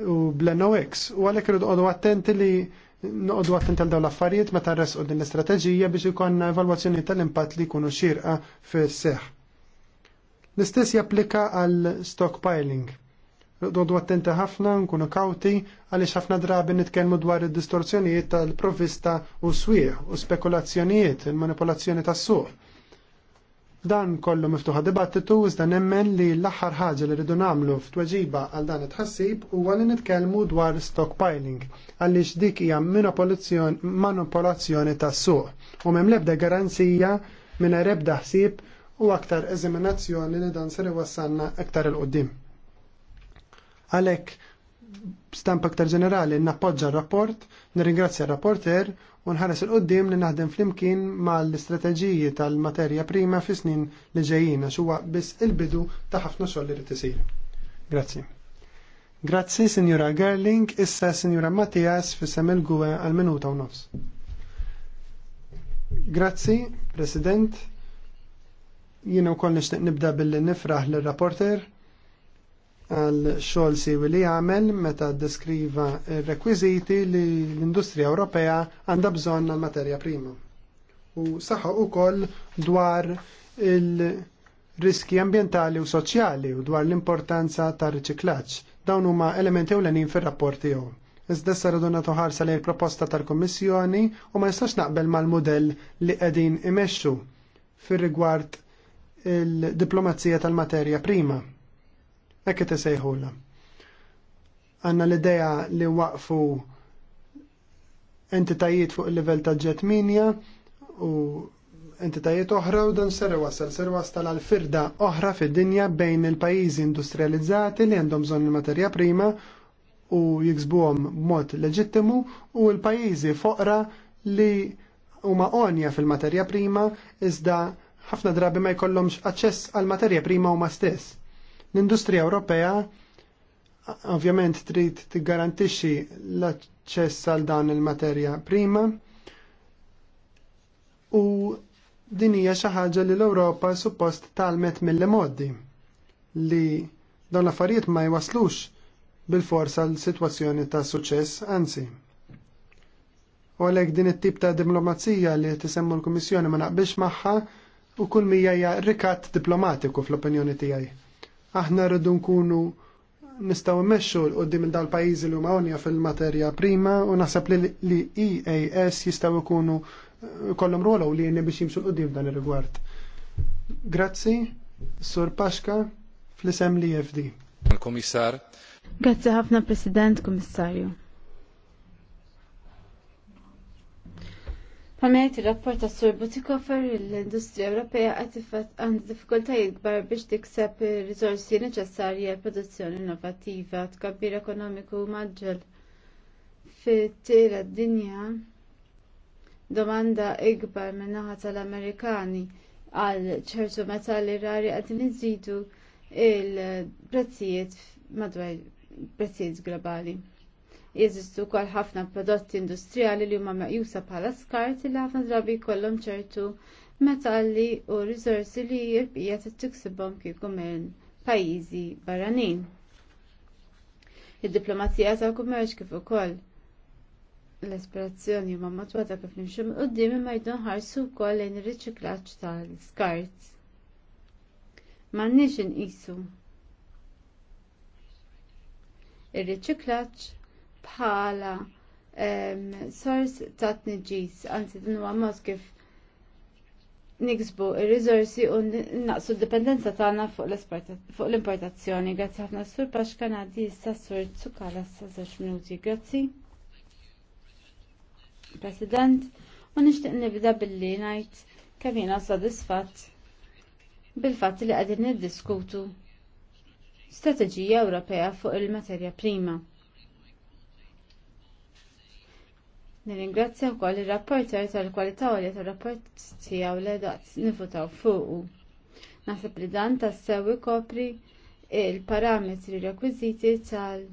u bl-NOx. U għalhekk rridu għadu attenti li noqogħdu attenti għal dawn l-affarijiet meta u din l-istrateġija biex ikonna evalwazzjoni tal-impatt li jkunu xirqa f-seħ. L-istess japplika għal stockpiling. Dodu attenti ħafna, nkunu kawti, għaliex ħafna drabi nitkellmu dwar id-distorzjonijiet tal-provista u swieħ u spekulazzjonijiet, il-manipolazzjoni tas-suq Dan kollu miftuħa dibattitu iżda nemmen li l-aħħar ħaġa li rridu nagħmlu f'tweġiba għal dan it-ħassib huwa li nitkellmu dwar stockpiling għaliex dik hija manipolazzjoni tas-suq u m'hemm l-ebda garanzija minn ebda ħsieb u aktar eżaminazzjoni li dan ser iwassalna aktar il qudiem Għalhekk stamp aktar ġenerali nappoġġa r-rapport, nirringrazzja r-rapporter u nħares il-qoddim li naħdem flimkien mal-istrateġiji tal-materja prima fi snin li ġejjina xuwa biss il-bidu ta' ħafna xogħol li tisir. Grazzi. Grazzi, Sinjura Gerling, issa Sinjura Mattias fissem il-gwe għal-minuta u nofs. Grazzi, President. jina u koll nishtiq nibda billi nifraħ l-rapporter għal xogħol siwi li jagħmel meta deskriva r-rekwiżiti li l-industrija Ewropea għandha bżonn għal materja prima. U saħħa ukoll dwar il-riski ambjentali u soċjali u dwar l-importanza tar riċiklaġġ Dawn huma elementi ewlenin fir-rapport tiegħu. Iżda sar donatu ħarsa lejn proposta tal-Kommissjoni u ma nistax naqbel mal-mudell li qegħdin imexxu fir-rigward il-diplomazija tal-materja prima Ekk qed sejħula. Għanna l-idea li waqfu entitajiet fuq il-livell ta' ġetminja u entitajiet oħra u dan ser wasal ser wasal għal firda oħra fid-dinja bejn il-pajjiżi industrializzati li għandhom bżonn il-materja prima u jiksbuhom b'mod leġittimu u l-pajjiżi foqra li huma onja fil-materja prima iżda ħafna drabi ma jkollhomx aċċess għal materja prima huma stess. L-industrija Ewropea ovvjament trid tiggarantixxi l-aċċess għal dan il-materja prima u din hija xi ħaġa li l-Ewropa suppost talmet mill-modi li dawn l-affarijiet ma jwaslux bil-forsa l-sitwazzjoni ta' suċċess, anzi. U għalhekk din it-tip ta' diplomazija li tisemmu l-Kummissjoni ma naqbilx magħha u kull mija hija rikat diplomatiku fl-opinjoni tiegħi. Aħna rridu nkunu nistgħu mmexxu l qoddim il dal-pajjiżi li huma għonja fil-materja prima u naħseb li EAS jistgħu jkunu kollhom rola u li biex jimxu l-qoddim dan ir-rigward. Grazzi, Sur Paxka, fl-isem li FD. Komissar. Grazzi ħafna President Komissarju. Palmejt il-rapport ta' Sur Butikofer l-Industrija Ewropea għat għand diffikultajiet jikbar biex tikseb risorsi neċessarji għal produzzjoni innovativa tkabbir ekonomiku maġġel fit-tira d-dinja domanda ikbar minnaħat tal-Amerikani għal ċertu metalli rari għadin iżidu il-prezzijiet madwar prezzijiet globali jeżistu kol ħafna prodotti industrijali li huma meqjusa bħala skart li ħafna drabi jkollhom ċertu metalli u riżorsi li jirbija tiksibhom kieku minn pajjiżi barranin. Id-diplomazija ta' kummerċ kif ukoll l-esperazzjoni ma matwata kif nimxu qudiem imma jdun ħarsu wkoll lejn ir-riċiklaġġ tal-skart. M'għandniex inqisu. Ir-riċiklaġġ bħala sors ta' tniġis, anzi din huwa mod kif niksbu ir-riżorsi u naqsu d-dipendenza tagħna fuq l-importazzjoni. Grazzi ħafna sur Pax Kanadi issa sur Tsukala sa' żewġ minuti. Grazzi. President, u nixtieq nibda billi ngħid kemm jiena sodisfatt bil-fatt li qegħdin niddiskutu strateġija Ewropea fuq il-materja prima. Nirringrazzja wkoll ir-rapporter tal-kwalità għolja tar-rapport tiegħu li daqs nifutaw fuqu. Naħseb li dan tassew ikopri il-parametri rekwiżiti tal-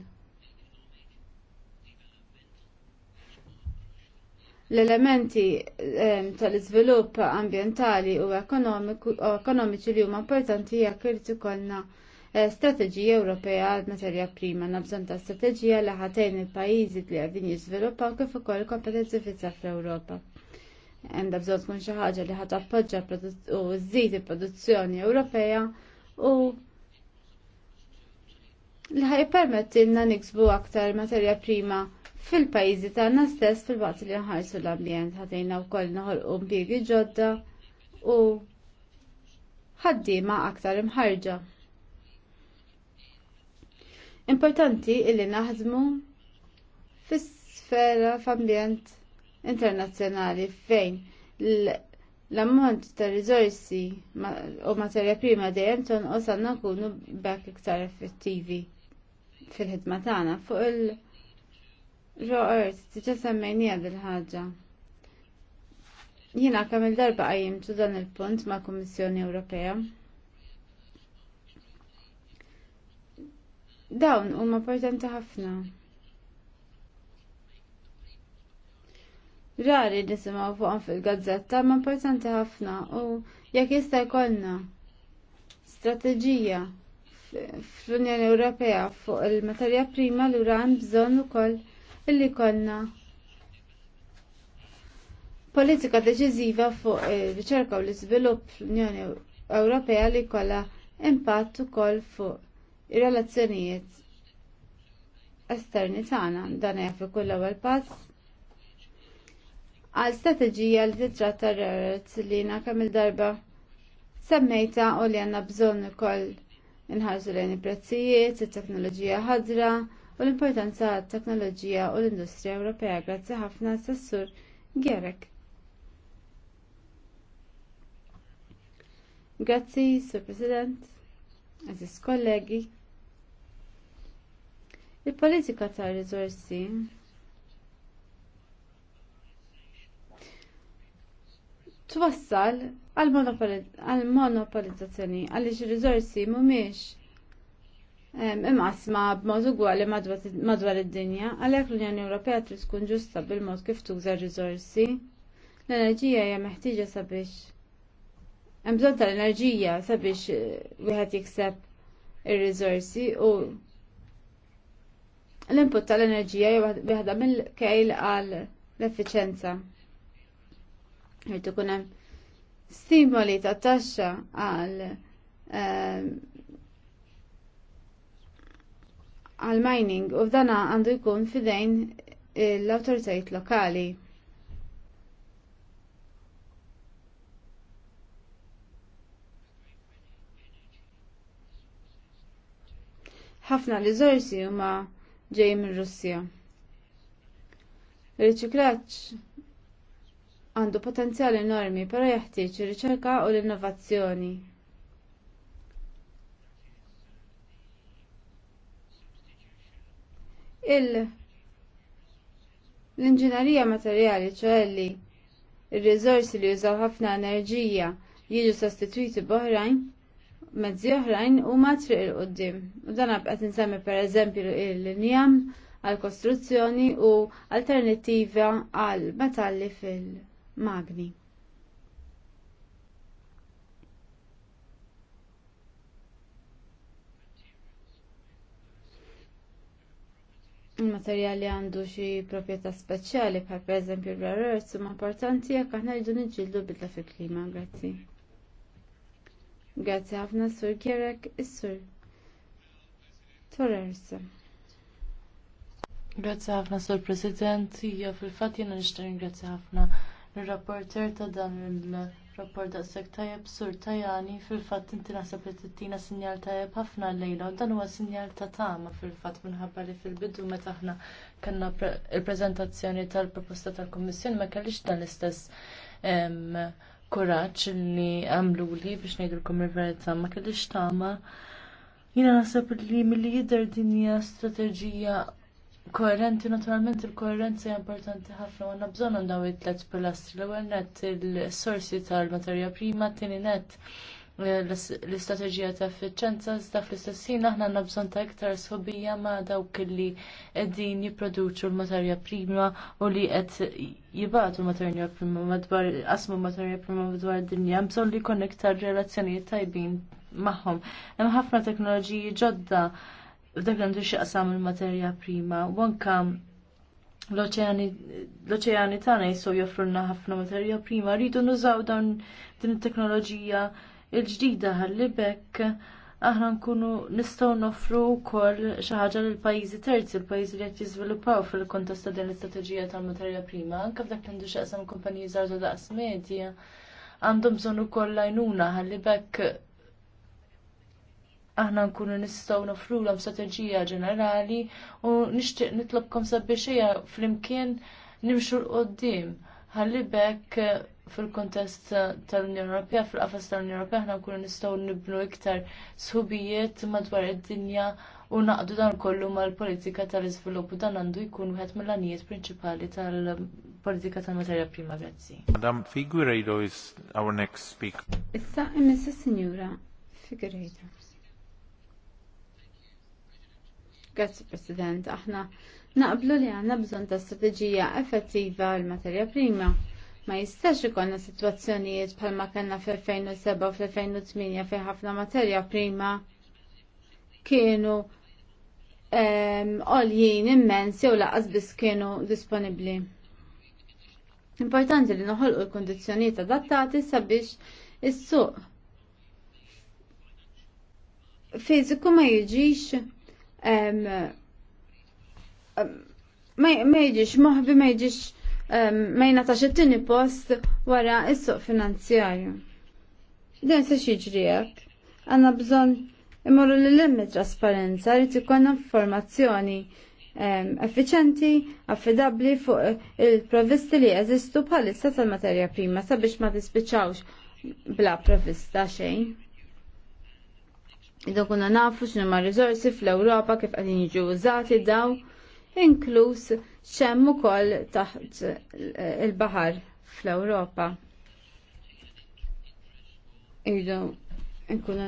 l-elementi ehm, tal-iżvilupp ambjentali u ekonomiċi li huma importanti jekk irid ikollna Eh, strateġija Ewropea għal materja prima nabżon ta' strateġija li ħatejn il-pajjiżi li għadin u kif ukoll kompetenzi fl-Ewropa. Għandha bżonn tkun xi ħaġa li ħadd appoġġja u żżid il-produzzjoni Ewropea u li ħajpermettilna niksbu aktar materja prima fil-pajjiżi tagħna stess fil-waqt li nħarsu l-ambjent ħatejna wkoll noħolqu mpjiegi ġodda u ħaddiema aktar imħarġa. Importanti illi naħdmu fis-sfera f'ambjent internazzjonali fejn l-ammont ta' riżorsi u materja prima dejjem tonqos għandna nkunu b'hekk iktar effettivi fil-ħidma tagħna fuq il-raw earth diġà semmejnija dil-ħaġa. Jiena kemm il darba qajjimtu dan il-punt ma' kummissjoni Ewropea Dawn huma importanti ħafna. Rari nisimgħu fuqhom fil-gazzetta, ma importanti ħafna u jekk jista' jkollna strateġija fl-Unjoni Ewropea fuq il-materja prima l ran bżonn ukoll illi kollna politika deċiżiva fuq ir-riċerka u l-iżvilupp fl-Unjoni Ewropea li kollha impatt ukoll fuq Ir-relazzjonijiet esterni tagħna dan hija fi kull ewwel pass għal strateġija li titratta r-rarret li kemm il-darba semmejta u li għandna bżonn ukoll inħarsu lejn il-prezzijiet, it-teknoloġija ħadra u l-importanza għat-teknoloġija u l-industrija Ewropea grazzi ħafna s-sur Gerek. Grazzi, Sur President, Aziz kollegi. Il-politika ta' riżorsi twassal għal-monopolizzazzjoni għaliex ir-riżorsi mhumiex imqasma b'mod ugwali madwar id-dinja għalhekk l-Unjoni Ewropea trid tkun ġusta bil-mod kif tuża r-riżorsi. L-enerġija hija meħtieġa sabiex hemm bżonn tal-enerġija sabiex eh, wieħed jikseb ir-riżorsi u L-input tal-enerġija jieħda mill-kejl għal l-effiċenza. Jirtu kunem stimoli ta' taxxa għal ehm, għal mining u f'dana għandu jkun fidejn l autoritajt lokali. ħafna riżorsi huma ġej minn Russja. Ir-riċiklaġġ għandu potenzjal enormi, però jeħtieġ ir-riċerka u l-innovazzjoni. il- l-inġinerija materjali li r rizorsi li jużaw ħafna enerġija jiġu sostituiti boħrajn mezzi oħrajn huma triq il qudiem U dan qed insemmi pereżempju l-injam għal kostruzzjoni u alternattiva għal metalli fil-magni. il-materjali għandu xi proprjetà speċjali bħal pereżempju r-rare huma importanti jekk aħna rridu niġġieldu bidla fil-klima. Grazzi. Grazzi ħafna sur Kerek is-sur Torres. Grazzi ħafna sur President, hija fil-fatt jiena nixtieq ringrazzja ħafna ir-rapporter ta' dan il-rapport ta' sek tajjeb sur Tajani fil-fatt inti naħseb li tittina sinjal tajjeb ħafna lejla u dan huwa sinjal ta' tama fil-fatt minħabba li fil-bidu meta aħna kellna il-preżentazzjoni tal-proposta tal-Kummissjoni ma kellix dan l-istess kuraġġ li għamluli biex ngħidilkom il-verità ma kellix tama. Jiena naħseb li milli jidher din hija strateġija koerenti, naturalment il-koerenza hija importanti ħafna u għandna bżonn dawn it-tliet pilastri l-ewwel nett il-sorsi tal-materja prima, tieni nett l-istrateġija ta' effiċenza iżda fl-istess ħin aħna għandna bżonn ta' iktar sħobija ma' dawk li qegħdin jipproduċu l-materja prima u li qed jibgħatu materja prima madwar qasmu materja prima madwar id-dinja bżonn li jkun iktar relazzjonijiet tajbin magħhom. Hemm ħafna teknoloġiji ġodda f'dak li għandu x'aqsam il-materja prima u anke l-oċeani tagħna jistgħu joffrulna ħafna materja prima, rridu nużaw dan din it-teknoloġija il-ġdida ħalli bekk aħna nkunu nistgħu noffru wkoll xi ħaġa lill pajjiżi terzi, il-pajjiżi li qed jiżviluppaw fil-kontest ta' din l-istrateġija tal-materja prima, anke f'dak li għandu x'aqsam kumpaniji żgħar ta' daqs medja, għandhom bżonn ukoll għajnuna ħalli bekk aħna nkunu nistgħu nofrulhom strateġija ġenerali u nixtieq nitlobkom sabiex hija flimkien nimxu l-qoddim ħalli bekk fil-kontest tal-Unjoni Ewropea, fil-qafas tal-Unjoni Ewropea, ħna nkunu nistgħu nibnu iktar sħubijiet madwar id-dinja u naqdu dan kollu mal-politika tal-iżvilupp u dan għandu jkun wieħed mill-għanijiet prinċipali tal-politika tal-materja prima grazzi. Madam Figueiredo is our next speaker. Issa imissa Signora Figueiredo. Grazzi President, aħna naqblu li għandna bżonn ta' strategija effettiva l materja prima Ma jistax ikonna situazzjonijiet bħalma kellna fl-2007 u fl-2008 fejn ħafna materja prima kienu għoljien immensi u laqas biss kienu disponibbli. Importanti li noħolqu l-kondizzjonijiet adattati sabiex is-suq fiziku ma jiġix ma jiġix moħbi ma jiġix mejna ta' xittini post wara is-suq finanzjarju. Din se xiġri hekk. Għandna bżonn imorru li l trasparenza li tkun informazzjoni effiċenti, affidabli fuq il-provisti li jeżistu bħalissa tal-materja prima sabiex ma tispiċċawx bla provista xejn. Idu kunna nafu x'numa rizorsi fl-Ewropa kif għadin jiġu użati daw inkluż xemm ukoll taħt il-baħar fl-Ewropa. Irdu nkunu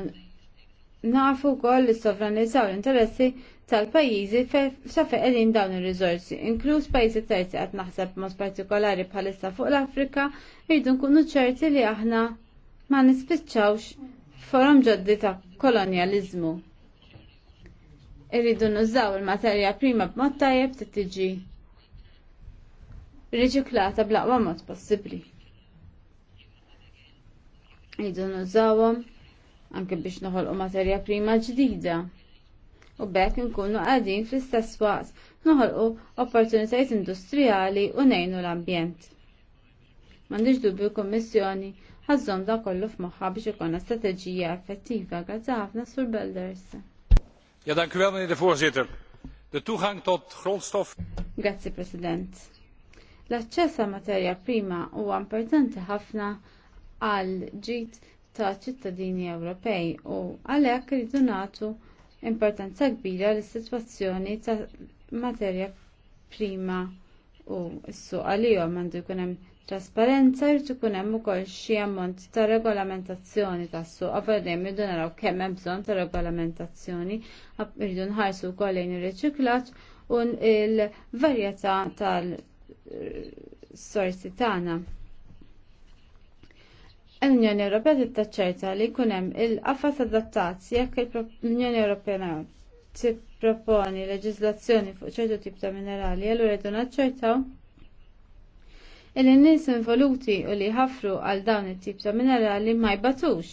nafu wkoll is-sovranità u l-interessi tal-pajjiżi sa qegħdin dawn ir-riżorsi, inkluż pajjiżi terzi qed naħseb mod partikolari bħalissa fuq l-Afrika, irridu nkunu ċerti li aħna ma nispiċċawx forom ġoddi ta' kolonjaliżmu irridu nużaw il-materja prima b'mod tajjeb tiġi riċiklata bl-aqwa mod possibbli. Irridu nużawhom anke biex noħolqu materja prima ġdida. U bekk nkunu qegħdin fl-istess waqt noħolqu opportunitajiet industrijali u nejnu l-ambjent. M'għandix dubju kummissjoni ħażhom da kollu f'moħħa biex ikonna strateġija effettiva grazzi ħafna sur Belders voorzitter. De toegang tot Grazie, president. L-aċċess għal materja prima huwa importanti ħafna għal ġid ta' ċittadini Ewropej u għalhekk iridu nagħtu importanza kbira lis sitwazzjoni ta' materja prima u s-suq għalihom għandu jkun hemm trasparenza jrid ikun hemm ukoll xi ammont ta' regolamentazzjoni tas-suq. Ovvjament irridu naraw kemm hemm bżonn ta' regolamentazzjoni, jridu nħarsu wkoll lejn ir-riċiklaġġ u l-varjetà tal-sorsi tagħna. L-Unjoni Ewropea taċċerta li jkun hemm il-qafas adattat jekk l-Unjoni Ewropea tipproponi leġiżlazzjoni fuq ċertu tip ta' minerali, allura jdu naċċertaw il nies involuti u li ħafru għal dawn it-tip ta' minerali ma jbatux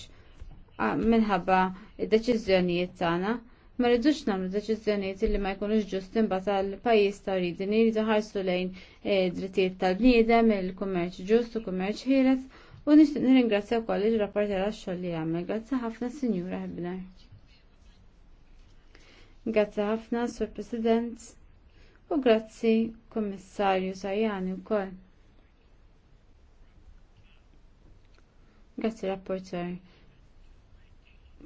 minħabba id-deċiżjonijiet tagħna. Ma rridux nagħmlu deċiżjonijiet li ma jkunux ġust imbagħad għall-pajjiż ta' oridin jridu ħarsu lejn e, drittijiet tal-bniedem, il-kummerċ ġust u kummerċ ħieles u nixtieq nirringrazzja wkoll ir-rapporter għax-xogħol li għamel. Grazzi ħafna Sinjura Hebner. Grazzi ħafna Sur President u grazzi Kummissarju Sajjani wkoll. Grazzi rapporter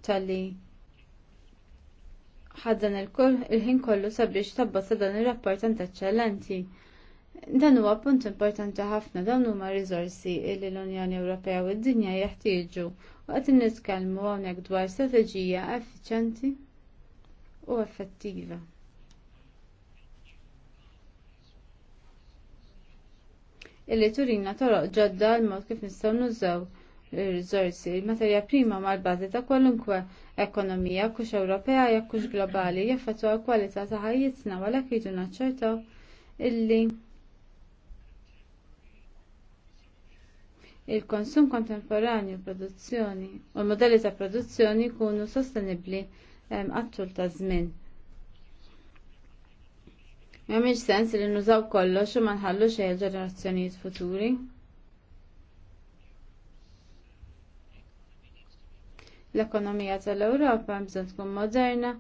tal-li ħaddan il-ħin il kollu sabiex tabbazza dan ir-rapport tant eċċellenti. Dan huwa punt importanti ħafna dawn huma riżorsi li l-Unjoni Ewropea u d-dinja jeħtieġu u qed nitkellmu hawnhekk dwar strateġija effiċjenti u effettiva. Illi turina toroq ġodda l-mod kif nistgħu nużaw rizorsi, materja prima mal-bazi ta' kwalunkwe ekonomija kux Ewropea jekk kux globali jaffettwa l-kwalità ta' ħajjitna għalhekk jiġu naċċertaw illi il-konsum kontemporanju produzzjoni u l-modelli ta' produzzjoni jkunu sostenibbli għattul ta' żmien. M'għamilx sens li nużaw kollox u ma nħallu xejn ġenerazzjonijiet futuri. L-ekonomija tal-Ewropa bżonn tkun moderna,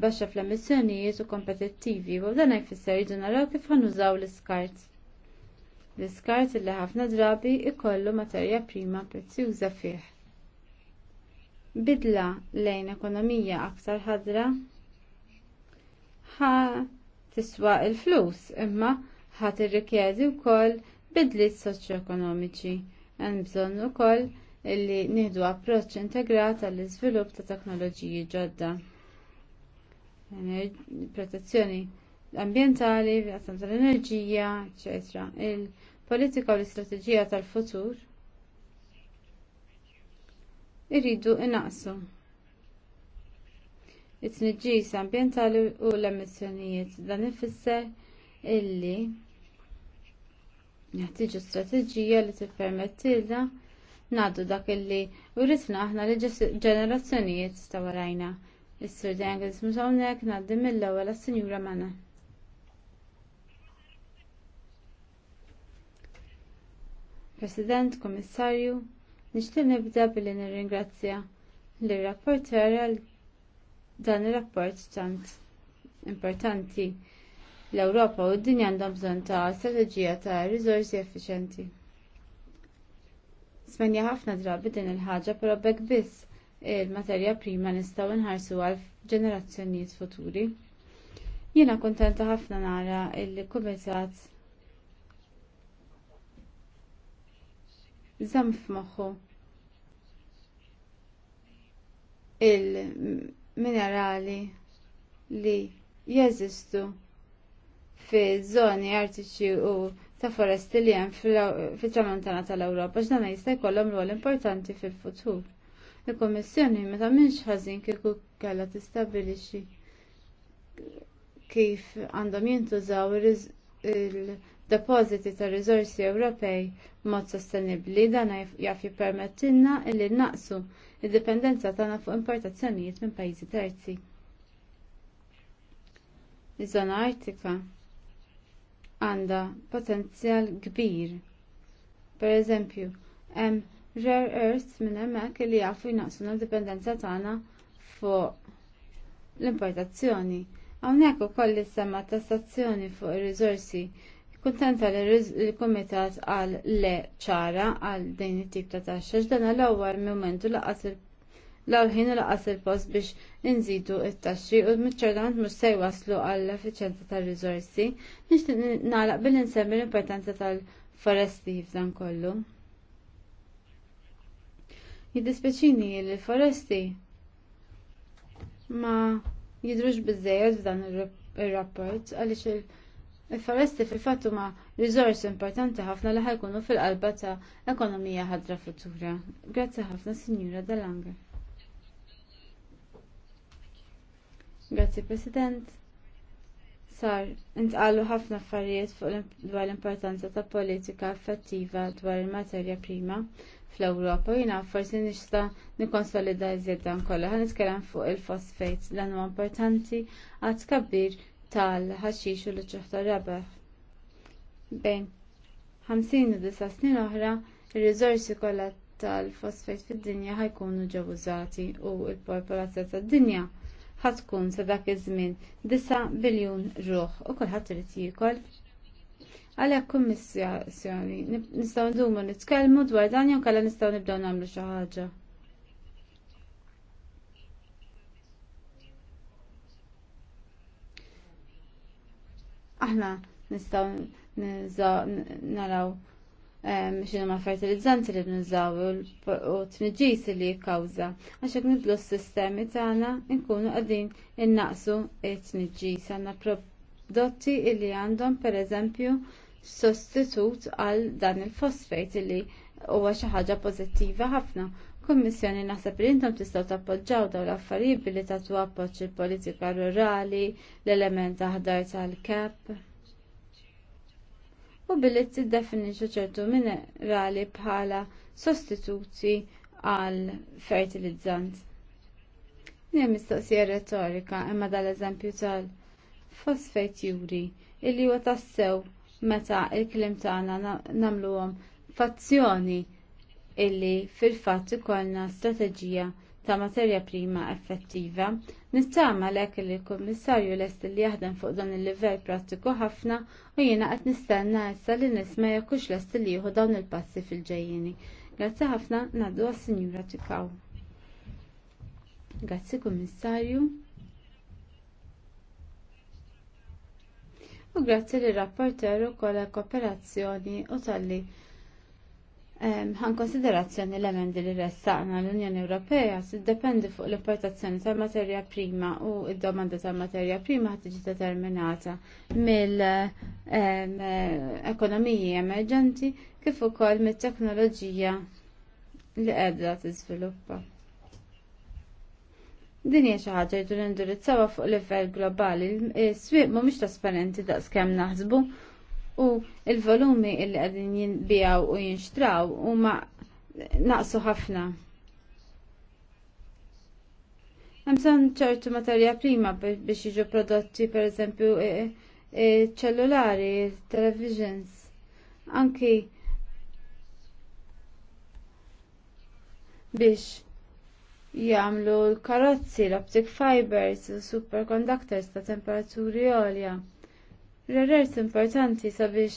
baxxa fl-emissjonijiet u kompetittivi u dan jfisser jiġu naraw kif nużaw l-iskart. L-iskart li ħafna drabi ikollu materja prima prezzjuża fih. Bidla lejn ekonomija aktar ħadra ħa tiswa il-flus imma ħat irrikjedi wkoll bidliet soċjoekonomiċi hemm bżonn ukoll illi nieħdu approċċ integrat għall iżvilupp ta' teknoloġiji ġodda. Protezzjoni ambjentali, vjazzam tal-enerġija, eċetera. Il-politika u l-istrateġija tal-futur irridu innaqsu. it-tniġġis ambjentali u l-emissjonijiet dan ifisser illi jeħtieġu strateġija li tippermettilna naddu dak illi uritna aħna li ġenerazzjonijiet ta' warajna. is sur Dengels mhux hawnhekk ngħaddi mill-ewwel għas-Sinjura Mana. President, Komissarju, nixtieq nibda billi nirringrazzja lir rapporter għal dan ir-rapport tant importanti l-Ewropa u d-dinja għandhom bżonn ta' strateġija ta' riżorsi effiċjenti. Smenja ħafna drabi din il-ħaġa però bekk biss il-materja prima nistgħu nħarsu għal ġenerazzjonijiet futuri. Jiena kontenta ħafna nara il-kumitat zamf moħu il-minerali li jeżistu fi żoni artiċi u ta' foresti li hemm fit-tramuntana tal-Ewropa x'dan jista' jkollhom rwol importanti fil-futur. il kummissjoni ma tagħmilx ħażin kieku kellha tistabbilixxi kif għandhom jintużaw il-depożiti ta' riżorsi Ewropej mod sostenibbli dan jaf jippermettilna li naqsu id-dipendenza tagħna fuq importazzjonijiet minn pajjiżi terzi. Iż-żona Artika għandha potenzjal kbir. Pereżempju, hemm rare earths minn hemmhekk li jafu jnaqsu l-dipendenza tagħna fuq l-importazzjoni. Hawnhekk ukoll li semma tassazzjoni fuq ir-riżorsi. Kuntenta li l-Kumitat għal le ċara għal din it-tip ta' taxxa x'dan l-ewwel momentu laqas il law ħin laqas il-post biex inżidu it-taxxi u miċċordament mhux se jwaslu għall effiċjenza tar-riżorsi, nixtieq nagħlaq billi nsemmi l-importanza tal-foresti f'dan kollu. Jiddispeċini li l-foresti ma jidrux bizzejed f'dan ir-rapport għaliex il-foresti fil fatt huma riżors importanti ħafna li ħajkunu fil-qalba ta' ekonomija ħadra futura. Grazzi ħafna, Sinjura Dalanga. Grazzi President. Sar, intqalu ħafna affarijiet fuq dwar l-importanza ta' politika effettiva dwar il-materja prima fl-Ewropa. Jina forsi nista nikkonsolida żied dan kollha. Ħa fuq il-fosfejt dan huwa importanti għad kabbir tal-ħaxix u l-ċuħ tar Bejn 50 u snin oħra, ir-riżorsi kollha tal-fosfejt fid-dinja ħajkunu ġewużati u l-popolazzja tad-dinja ħatkun sa dak iż-żmien 9 biljun ruħ u kulħadd irid jiekol. Għalhekk kummissjoni nistgħu ndumu nitkellmu dwar dan jew kellha nistgħu nibdew nagħmlu xi ħaġa. Aħna nistgħu naraw xinu ma fertilizzanti li nużaw u t-nġis li jikkawza. Għaxek nidlu s-sistemi tagħna nkunu għadin innaqsu t-nġis. Għanna prodotti li għandhom per eżempju sostitut għal dan il-fosfejt li huwa xi ħaġa pożittiva ħafna. Kommissjoni naħseb li intom tistgħu tappoġġaw dawn l-affarijiet billi tagħtu appoġġ il-politika rurali, l elementa aħdar tal-kap u billi tiddefinixxu ċertu minerali bħala sostituti għal fertilizzant. Nie mistoqsija retorika imma dal-eżempju tal-fosfejt juri illi huwa tassew meta il-klim tagħna nagħmluhom fazzjoni illi fil-fatt ikollna strateġija ta' materja prima effettiva. Nittama lek li l-Kommissarju lest li jaħdem fuq dan il-livell pratiku ħafna u jiena qed nistenna issa li nisma' jekkux lest li jieħu dawn il-passi fil-ġejjini. Grazzi ħafna ngħaddu għas-Sinjura Tikaw. Grazzi Kummissarju. U grazzi li rapporteru kolla kooperazzjoni u tal-li ħan konsiderazzjoni l-emendi li ressaqna l-Unjoni Ewropea tiddependi fuq l-importazzjoni tal materja prima u id-domanda tal materja prima għat tiġi determinata mill-ekonomiji emerġenti kif ukoll mit-teknoloġija li qiegħda tiżviluppa. Din hija xi ħaġa jdu nindirizzawha fuq livell globali. Is-swieq mhumiex trasparenti daqskemm naħsbu u il-volumi illi għadin jinbijaw u jinxtraw u ma naqsu ħafna. Għamsan ċertu materja prima biex jiġu prodotti per eżempju e, e, ċellulari, televisions, anki biex jagħmlu l-karozzi, l-optic fibers, superconductors ta' temperaturi għolja. Rerers importanti sabiex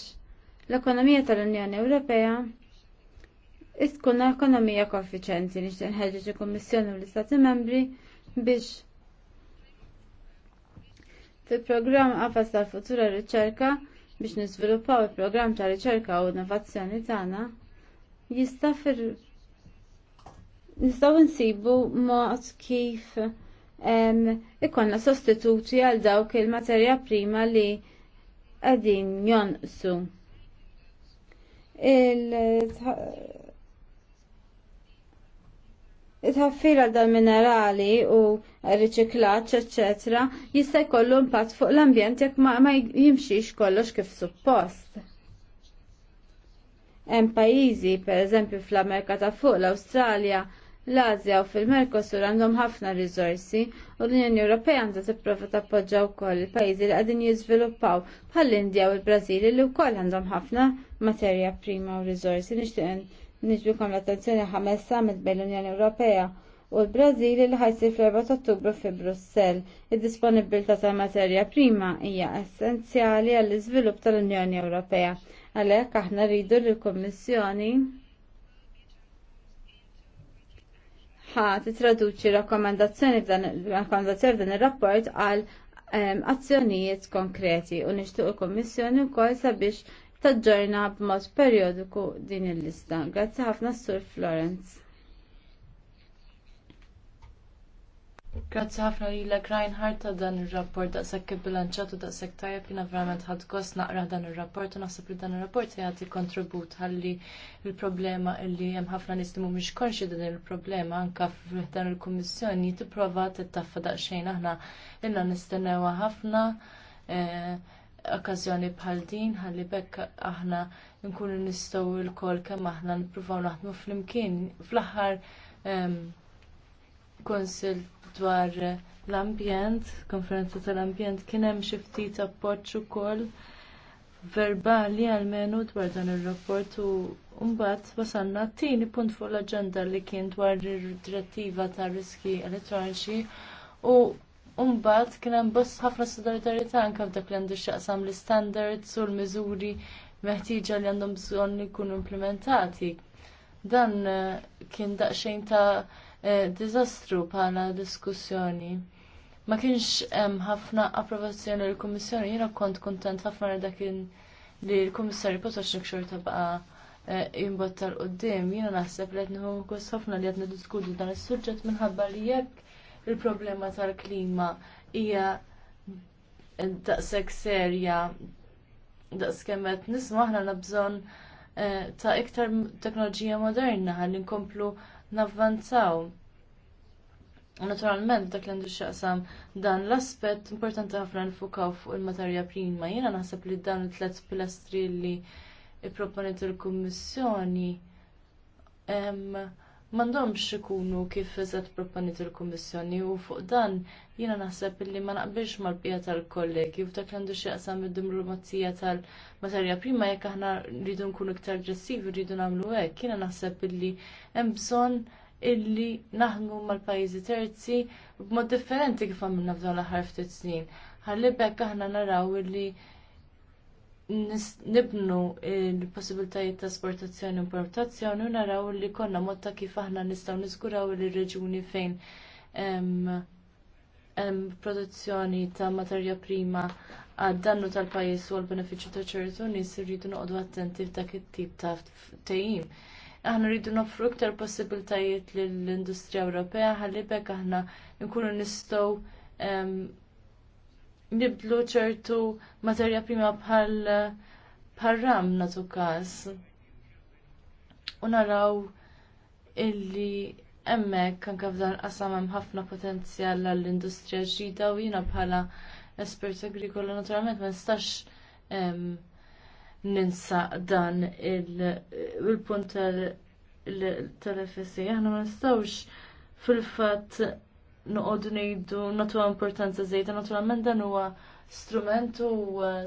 l-ekonomija tal-Unjoni Ewropea istkun ekonomija koeffiċenti li xtenħedġu il-Kommissjoni u l-Istati membri biex fil-programm qafas tal-futura riċerka biex niżviluppaw il-programm ta' riċerka u innovazzjoni tagħna jista' fir nistgħu nsibu mod kif ikollna sostituti għal dawk il-materja prima li għadin jonqsu. Il-tħaffira dal-minerali u riċiklaċ, eccetera, jista' jkollu impatt fuq l-ambjent jekk ma, ma jimxiex kollox kif suppost. Hemm pajjiżi, pereżempju fl-Amerika ta' fuq l-Awstralja, L-Azja u fil-Merkosur għandhom ħafna rizorsi u l-Unjoni Ewropea għandha tipprova tappoġġa wkoll il-pajjiżi li qegħdin jiżviluppaw bħall-Indja u l-Brażil li wkoll għandhom ħafna materja prima u riżorsi. Nixtieq niġbukom l-attenzjoni ħames summit bejn l-Unjoni Ewropea u l-Brażil li ħajsir fl-4 Ottubru fi Brussell. Id-disponibilità ta' materja prima hija essenzjali għall-iżvilupp tal-Unjoni Ewropea. Għalhekk aħna rridu lill-Kummissjoni ħat traduċi rakkomandazzjoni f'dan ir-rapport għal ehm, azzjonijiet konkreti u nishtuq il-Kummissjoni wkoll sabiex taġġorna b'mod periodiku din il-lista. Grazzi ħafna Sur Florence. Grazzi ħafna lilek Reinhardt ta' dan ir-rapport daqshekk bilanċat u daqshekk tajjeb jina verament ħadd gost naqra dan ir-rapport u naħseb li dan ir-rapport se jagħti kontribut ħalli l-problema li hemm ħafna nistimu mux konxi din il-problema anke f'dan il-Kummissjoni tipprova da' daqsxejn aħna illa nistennewha ħafna eh, okkażjoni bħal din ħalli bekk aħna nkunu nistgħu lkoll kemm aħna nippruvaw naħdmu flimkien fl-aħħar ehm, konsil dwar l-ambjent, konferenza tal-ambjent, kien hemm xi ftit appoġġ ukoll verbali għalmenu dwar dan ir-rapport u mbagħad wasalna t-tieni punt fuq l-aġenda li kien dwar ir-direttiva tar riski elettroniċi u mbagħad kien hemm boss ħafna solidarjetà anke f'dak li għandu x'jaqsam l-standards u l-miżuri meħtieġa li għandhom bżonn ikunu implementati. Dan eh, kien daqsxejn ta' Eh, diżastru bħala diskussjoni. Ma kienx hemm ħafna approvazzjoni l kummissjoni jiena kont kontent ħafna li dakin li l-Kummissarju Potoċnik xorta baqa u eh, d-dim, Jiena naħseb li qed nieħu ħafna li qed diskutu dan is-suġġett minħabba li jekk il-problema tal-klima hija daqshekk serja da' qed nisma' aħna nabżon eh, ta' iktar teknoloġija moderna ħalli nkomplu navvanzaw. Naturalment, dak li għandu xaqsam dan l-aspet importanti ħafna nfukaw fuq il-materja prima. Jena naħseb li dan it-tlet pilastri li proponiet il-Kummissjoni mandomx ikunu kif eżat proponit il-Kummissjoni u fuq dan jiena naħseb illi ma naqbilx mal-bqija tal-kollegi u dak l-għandu xieqsam id-dimrumazzija tal-materja prima jekk aħna rridu nkunu iktar aggressivi rridu nagħmlu hekk, jiena naħseb illi hemm bżonn illi naħdmu mal-pajjiżi terzi b'mod differenti kif għamilna f'dan l-aħħar ftit snin. Ħalli bekk aħna naraw illi nibnu il-possibilitajiet ta' esportazzjoni u importazzjoni u naraw li konna mod ta' kif aħna nistgħu niżguraw il reġuni fejn hemm produzzjoni ta' materja prima għad-dannu tal-pajjiż u għall-benefiċċju ta' ċertu nies irridu noqogħdu attenti f'dak it-tip ta' tejjim. Aħna rridu noffru iktar possibiltajiet lill-industrija Ewropea ħalli bekk aħna nkunu nistgħu nibdlu ċertu materja prima bħal bħal ram natu kas. U naraw illi emmek kan f'dan qasam hemm ħafna potenzjal għall-industrija ġdida u jiena bħala espert agrikola naturalment ma nistax ninsa dan il-punt tal-FSA. Aħna ma nistawx fil-fatt noqogħdu ngħidu natu importanza żejda naturalment dan huwa strument u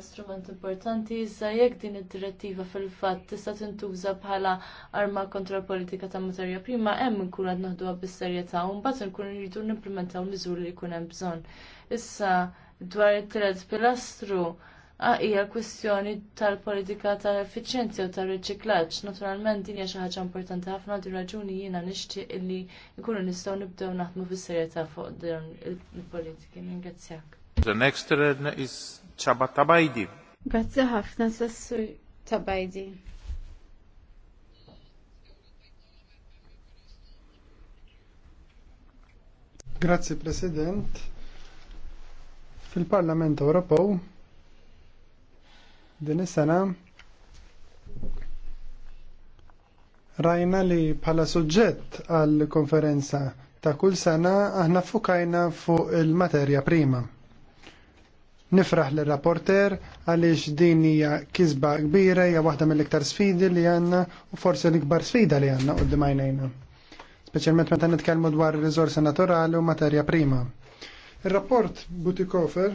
strument importanti iżda jekk din id-direttiva fil-fatt tista' tintuża bħala arma kontra politika ta' materja prima hemm inkun qed naħduha bis-serjetà u mbagħad nkun irridu nimplementaw miżuri li jkun hemm bżonn. Issa dwar it-tielet pilastru Ah, hija kwestjoni tal-politika tal-effiċenzja u tal-riċiklaġġ. Naturalment din hija xi ħaġa importanti ħafna din raġuni jiena nixtieq illi nkunu nistgħu nibdew naħdmu fis serjetà fuq din il-politiki. Ningrazzjak. The next is Chaba Tabajdi. Grazzi ħafna sassur Tabajdi. Grazzi President. Fil-Parlament Ewropew Din is-sena rajna li bħala suġġett għall konferenza ta' kull sena aħna fukajna fuq il-materja prima. Nifraħ l rapporter għaliex din hija kisba kbira hija waħda mill-iktar sfidi li għandna u forsi l-ikbar sfida li għandna qudiem għajnejna. Speċjalment meta nitkellmu dwar riżorsi naturali u materja prima. Ir-rapport Butikofer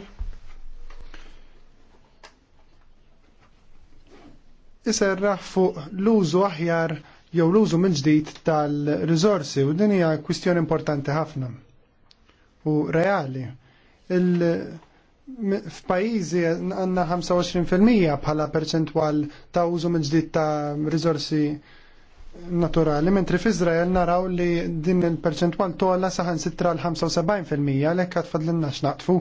iserraħ fuq l-użu aħjar jew l-użu minn ġdid tal-rizorsi u din hija kwistjoni importanti ħafna u reali. F'pajjiżi għandna 25% bħala perċentwal ta' użu minn ġdid ta' rizorsi naturali, mentri f'Izrael naraw li din il-perċentwal tolla saħan sitra l-75% għalhekk għadfadlinna xnaqtfu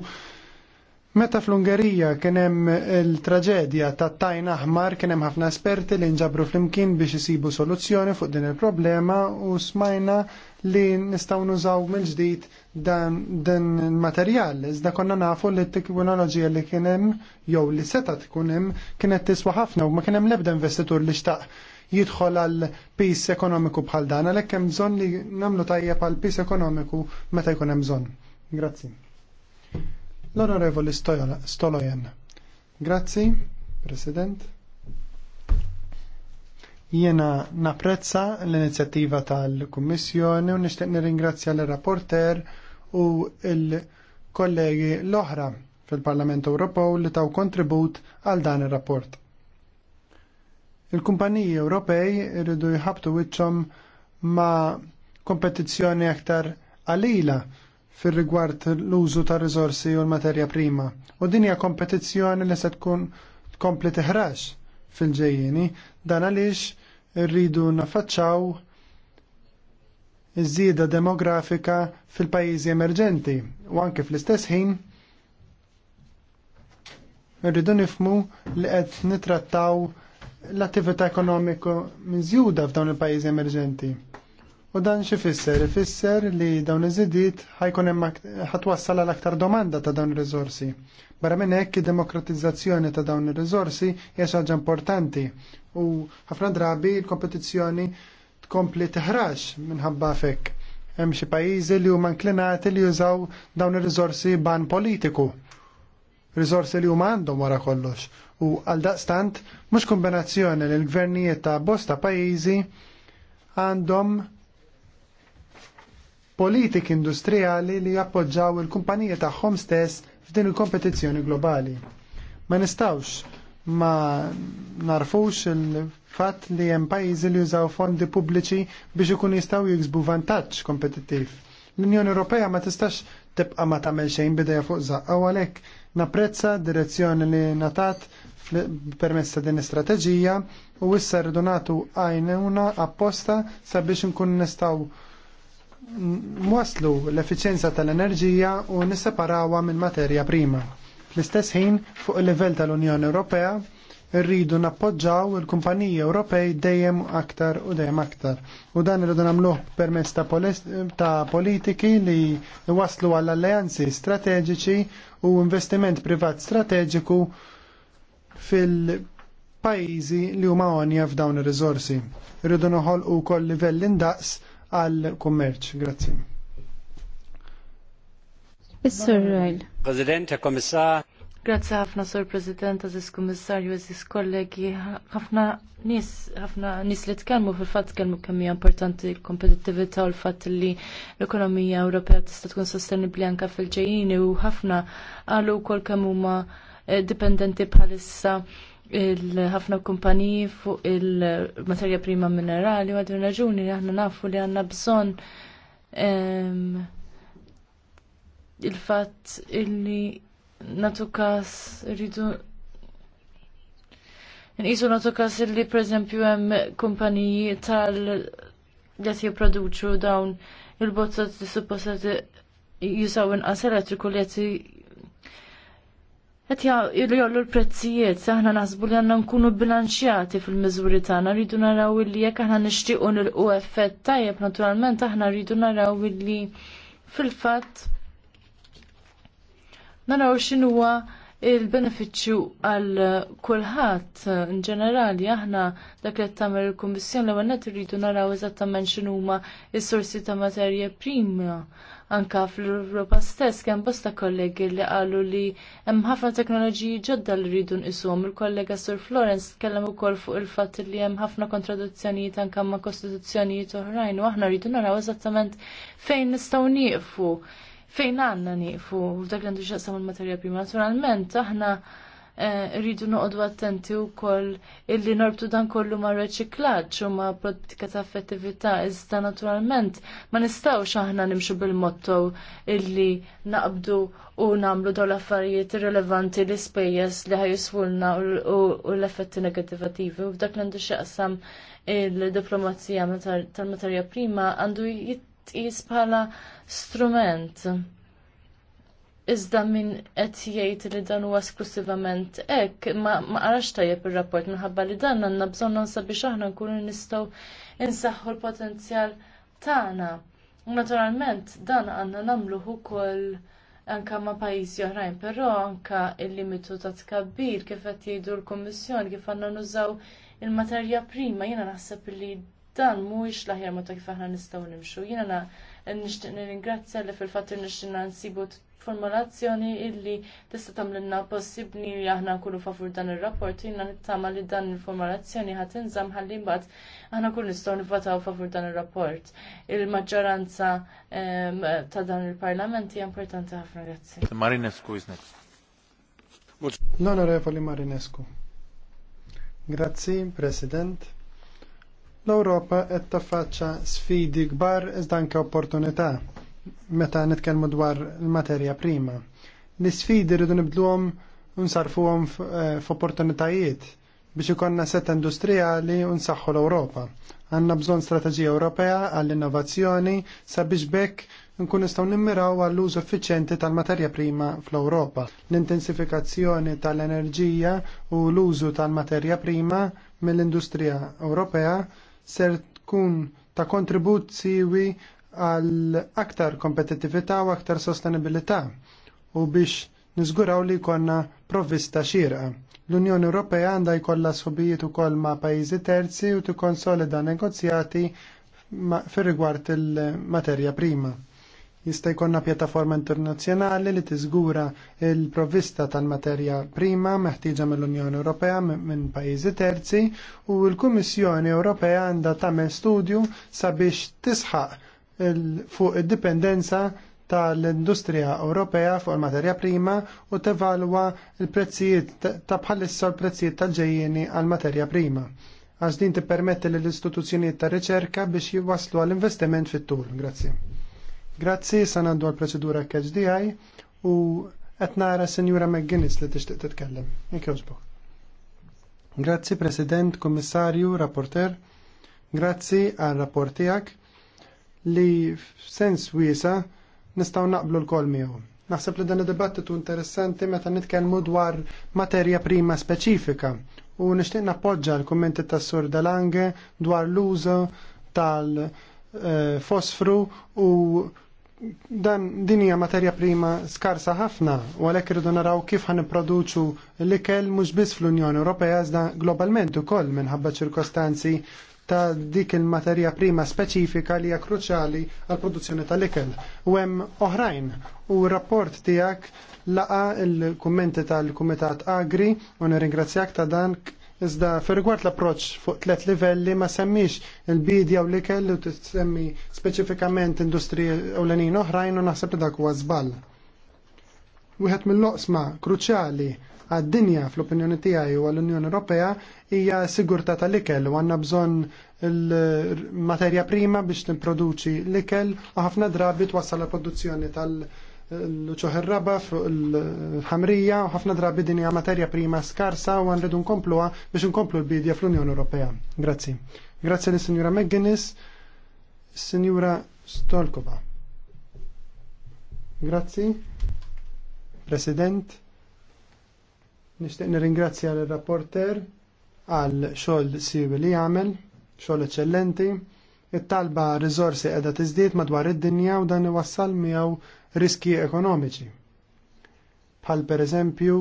Meta fl-Ungerija kien hemm il-traġedja ta' tajn aħmar kien hemm ħafna esperti li nġabru flimkien biex jisibu soluzzjoni fuq din il-problema u smajna li nistgħu nużaw mill-ġdid dan din il-materjal. Iżda konna nafu li t-teknoloġija li kien hemm jew li seta tkun hemm kienet tiswa ħafna u ma kien hemm l-ebda investitur li xtaq jidħol għal pis ekonomiku bħal dan, għalhekk hemm bżonn li nagħmlu tajjeb għal pis ekonomiku meta jkun hemm bżonn. Grazzi l-Onorevoli Stolojan. Grazzi, President. Jiena napprezza l-inizjattiva tal-Kummissjoni u nixtieq nirringrazzja l-rapporter u l-kollegi l-oħra fil-Parlament Ewropew li taw kontribut għal dan ir-rapport. Il-kumpaniji Ewropej irridu jħabtu wiċċhom ma' kompetizzjoni aktar qalila fir-rigward l-użu ta' riżorsi u l-materja prima. U din hija kompetizzjoni li se tkun tkompli teħraġ fil-ġejjeni, dan għaliex rridu nafaċċaw iż-żieda demografika fil-pajjiżi emerġenti u anke fl-istess ħin rridu nifmu li qed nitrattaw l-attività ekonomiku miżjuda f'dawn il-pajjiżi emerġenti. U dan xi fisser? Ifisser li dawn iż ħajkun hemm ħatwassal għal aktar domanda ta' dawn ir-riżorsi. Barra minn hekk id-demokratizzazzjoni ta' dawn ir-riżorsi hija xi ħaġa importanti u ħafna drabi l-kompetizzjoni tkompli teħrax minħabba fek. Hemm xi pajjiżi li huma inklinati li jużaw dawn ir-riżorsi ban politiku. Riżorsi li huma għandhom wara kollox. U għal daqstant mhux kombinazzjoni li l-gvernijiet ta' bosta pajjiżi għandhom politik industrijali li jappoġġaw il-kumpanija tagħhom stess f'din il-kompetizzjoni globali. Ma nistawx ma narfux il-fatt li hemm pajjiżi li jużaw fondi pubbliċi biex ikun jistgħu jiksbu vantaġġ kompetittiv. L-Unjoni Ewropea ma tistax tibqa ma tagħmel xejn bidejja fuq zaqqa għalhekk napprezza direzzjoni li natat permess ta' din istrateġija u issa rridu għajnuna apposta sabiex nkun nistgħu waslu l-efficienza tal-enerġija u nisseparawa minn materja prima. Fl-istess ħin, fuq il-livell tal-Unjoni Ewropea, rridu nappoġġaw il-kumpaniji Ewropej dejjem aktar u dejjem aktar. U dan irridu nagħmluh permezz ta' politiki li waslu għall alleanzi strateġiċi u investiment privat strateġiku fil-pajjiżi li huma għonja f'dawn ir-riżorsi. Irridu noħolqu wkoll livell indaqs għal-kummerċ. Grazzi. Mr. sur Rajl. President, Komissar. Grazzi ħafna, Sur President, Aziz Komissarju, Aziz kollegi. ħafna nis, ħafna nis li tkellmu fil-fatt tkellmu kemm hija importanti l-kompetittività u l-fatt li l-ekonomija Ewropea tista' tkun sostenibbli anke fil-ġejjini u ħafna għalu wkoll kemm huma eh, dipendenti bħalissa il-ħafna kumpaniji fuq il-materja prima minerali u għadun raġuni li aħna nafu li għanna bżon il-fat illi natu kas rridu Nqisu natu kas illi per eżempju hemm kumpaniji tal qed jipproduċu dawn il bozzat li suppost jisaw inqas elettriku li qed Għet jollu l-prezzijiet, aħna nasbu li għanna nkunu bilanċjati fil-mizuri tagħna, rridu naraw li jekk aħna nixtiequ nilqu effett tajjeb, naturalment aħna rridu naraw li fil-fatt naraw x'inhuwa il-beneficju għal kulħadd in ġenerali aħna dak li tagħmel il-Kummissjoni l-ewwel irridu naraw eżattament x'inhuma s-sorsi ta' materja prima anka fl-Europa stess kemm bosta kollegi li qalu li hemm ħafna teknoloġiji ġodda li rridu nqishom. Il-kollega Sur Florence tkellem ukoll fuq il-fatt li hemm ħafna kontradizzjonijiet anke ma' kostituzzjonijiet oħrajn u aħna rridu naraw eżattament fejn nistgħu nieqfu. Fejn għandna nieqfu f'dak li għandu x'jaqsam il-materja prima. Naturalment aħna Eh, rridu noqogħdu attenti wkoll illi norbtu dan kollu ma' reċiklaġġ u ma' politika ta' effettività iżda naturalment ma nistgħux aħna nimxu bil-motto illi naqbdu u nagħmlu dawn l-affarijiet irrelevanti l ispejjeż li ħajuswulna u l-effetti negativativi u f'dak l-għandu x'jaqsam il-diplomazija tal-materja prima għandu jitqis bħala strument Iżda min qed jgħid li dan huwa esklusivament hekk ma qarax tajjeb ir-rapport minħabba li dan għandna bżonn biex aħna nkunu nistgħu insaħħu l-potenzjal tagħna. Naturalment dan għandna nagħmluh ukoll anka ma' pajjiżi oħrajn, però anka il-limitu ta' tkabbir kif qed jgħidu l-Kummissjoni kif għandna nużaw il-materja prima jiena naħseb li dan mhuwiex l-aħjar meta kif aħna nistgħu nimxu. Jiena nixtieq nirringrazzja li fil-fatt nixtieq nsibu formulazzjoni illi tista' tagħmilna possibbli li aħna nkunu favur dan ir-rapport jiena nittama li dan il-formulazzjoni ħadd inżamm ħalli mbagħad aħna nkunu nistgħu nivvotaw favur dan ir-rapport. Il-maġġoranza ehm, ta' dan il-Parlament hija importanti ħafna grazzi. Marinescu is L-Onorevoli Marinescu. Grazzi, President. L-Europa qed taffaċċa sfidi kbar iżda anke opportunità meta nitkellmu dwar il-materja prima. L-isfidi rridu nibdluhom nsarfuhom eh, f'opportunitajiet biex ikonna set industrijali u nsaħħu l-Ewropa. Għandna bżonn strateġija Ewropea għall-innovazzjoni sabiex bekk nkun nistgħu nimmiraw għall-użu effiċjenti tal-materja prima fl-Ewropa. L-intensifikazzjoni tal-enerġija u l-użu tal-materja prima mill-industrija Ewropea ser tkun ta' kontribut siwi għal aktar kompetitività u aktar sostenibilità u biex niżguraw li jkollna provvista xirqa. L-Unjoni Ewropea għandha jkollha subijiet ukoll ma' pajjiżi terzi u tikkonsolida negozjati fir-rigward il-materja prima. Jista' jkollna pjattaforma internazzjonali li tiżgura il-provvista tal-materja prima meħtieġa mill-Unjoni Ewropea minn pajjiżi terzi u l-Kummissjoni Ewropea għandha tagħmel studju sabiex tisħaq fuq id-dipendenza tal-industrija Ewropea fuq il-materja prima u tevalwa l-prezzijiet ta' bħalissa l-prezzijiet tal-ġejjeni għal-materja prima. Għax din tippermetti lill istituzzjonijiet ta' riċerka biex jiwaslu għall-investiment fit-tul. Grazzi. Grazzi, san għandu għal-proċedura KHDI u qed nara Sinjura McGuinness li tixtieq titkellem. Jekk Grazzi President, Kummissarju, Rapporter. Grazzi għal rapport tiegħek li f'sens wiesa nistgħu naqblu l-kol miegħu. Naħseb li dan id-dibattitu interessanti meta nitkellmu dwar materja prima speċifika u nixtieq nappoġġa l-kummenti tas Sur Dalange dwar l-użu tal-fosfru eh, u dan din hija materja prima skarsa ħafna u għalhekk irridu naraw kif ħan nipproduċu l-ikel mhux biss fl-Unjoni Ewropea iżda globalment ukoll minħabba ċirkostanzi ta' dik il-materja prima speċifika li hija kruċjali għal produzzjoni tal-ikel. U hemm oħrajn u rapport tiegħek laqa l-kummenti tal-Kumitat Agri u nirringrazzjak ta' dan iżda firgward l-approċ fuq tliet livelli ma semmix il-bidja u l-ikel u tissemmi speċifikament industriji ewlenin oħrajn u naħseb li dak huwa żball. Wieħed mill-loqsma kruċjali għad-dinja fl-opinjoni tiegħi u għall-Unjoni Ewropea hija sigurtà tal-ikel u għandna bżonn il-materja prima biex tipproduċi l-ikel u ħafna drabi twassal la produzzjoni tal- l raba fl ħamrija u ħafna drabi din hija materja prima skarsa u għanridu nkompluha biex nkomplu l-bidja fl-Unjoni Ewropea. Grazzi. Grazzi li signora McGuinness, Sinjura Stolkova. Grazzi. President. Nixtieq nirringrazzja l rapporter għal xogħol siwi li jagħmel, xogħol eċċellenti. It-talba riżorsi qiegħda tiżdied madwar id-dinja u dan iwassal miegħu riski ekonomiċi. Bħal pereżempju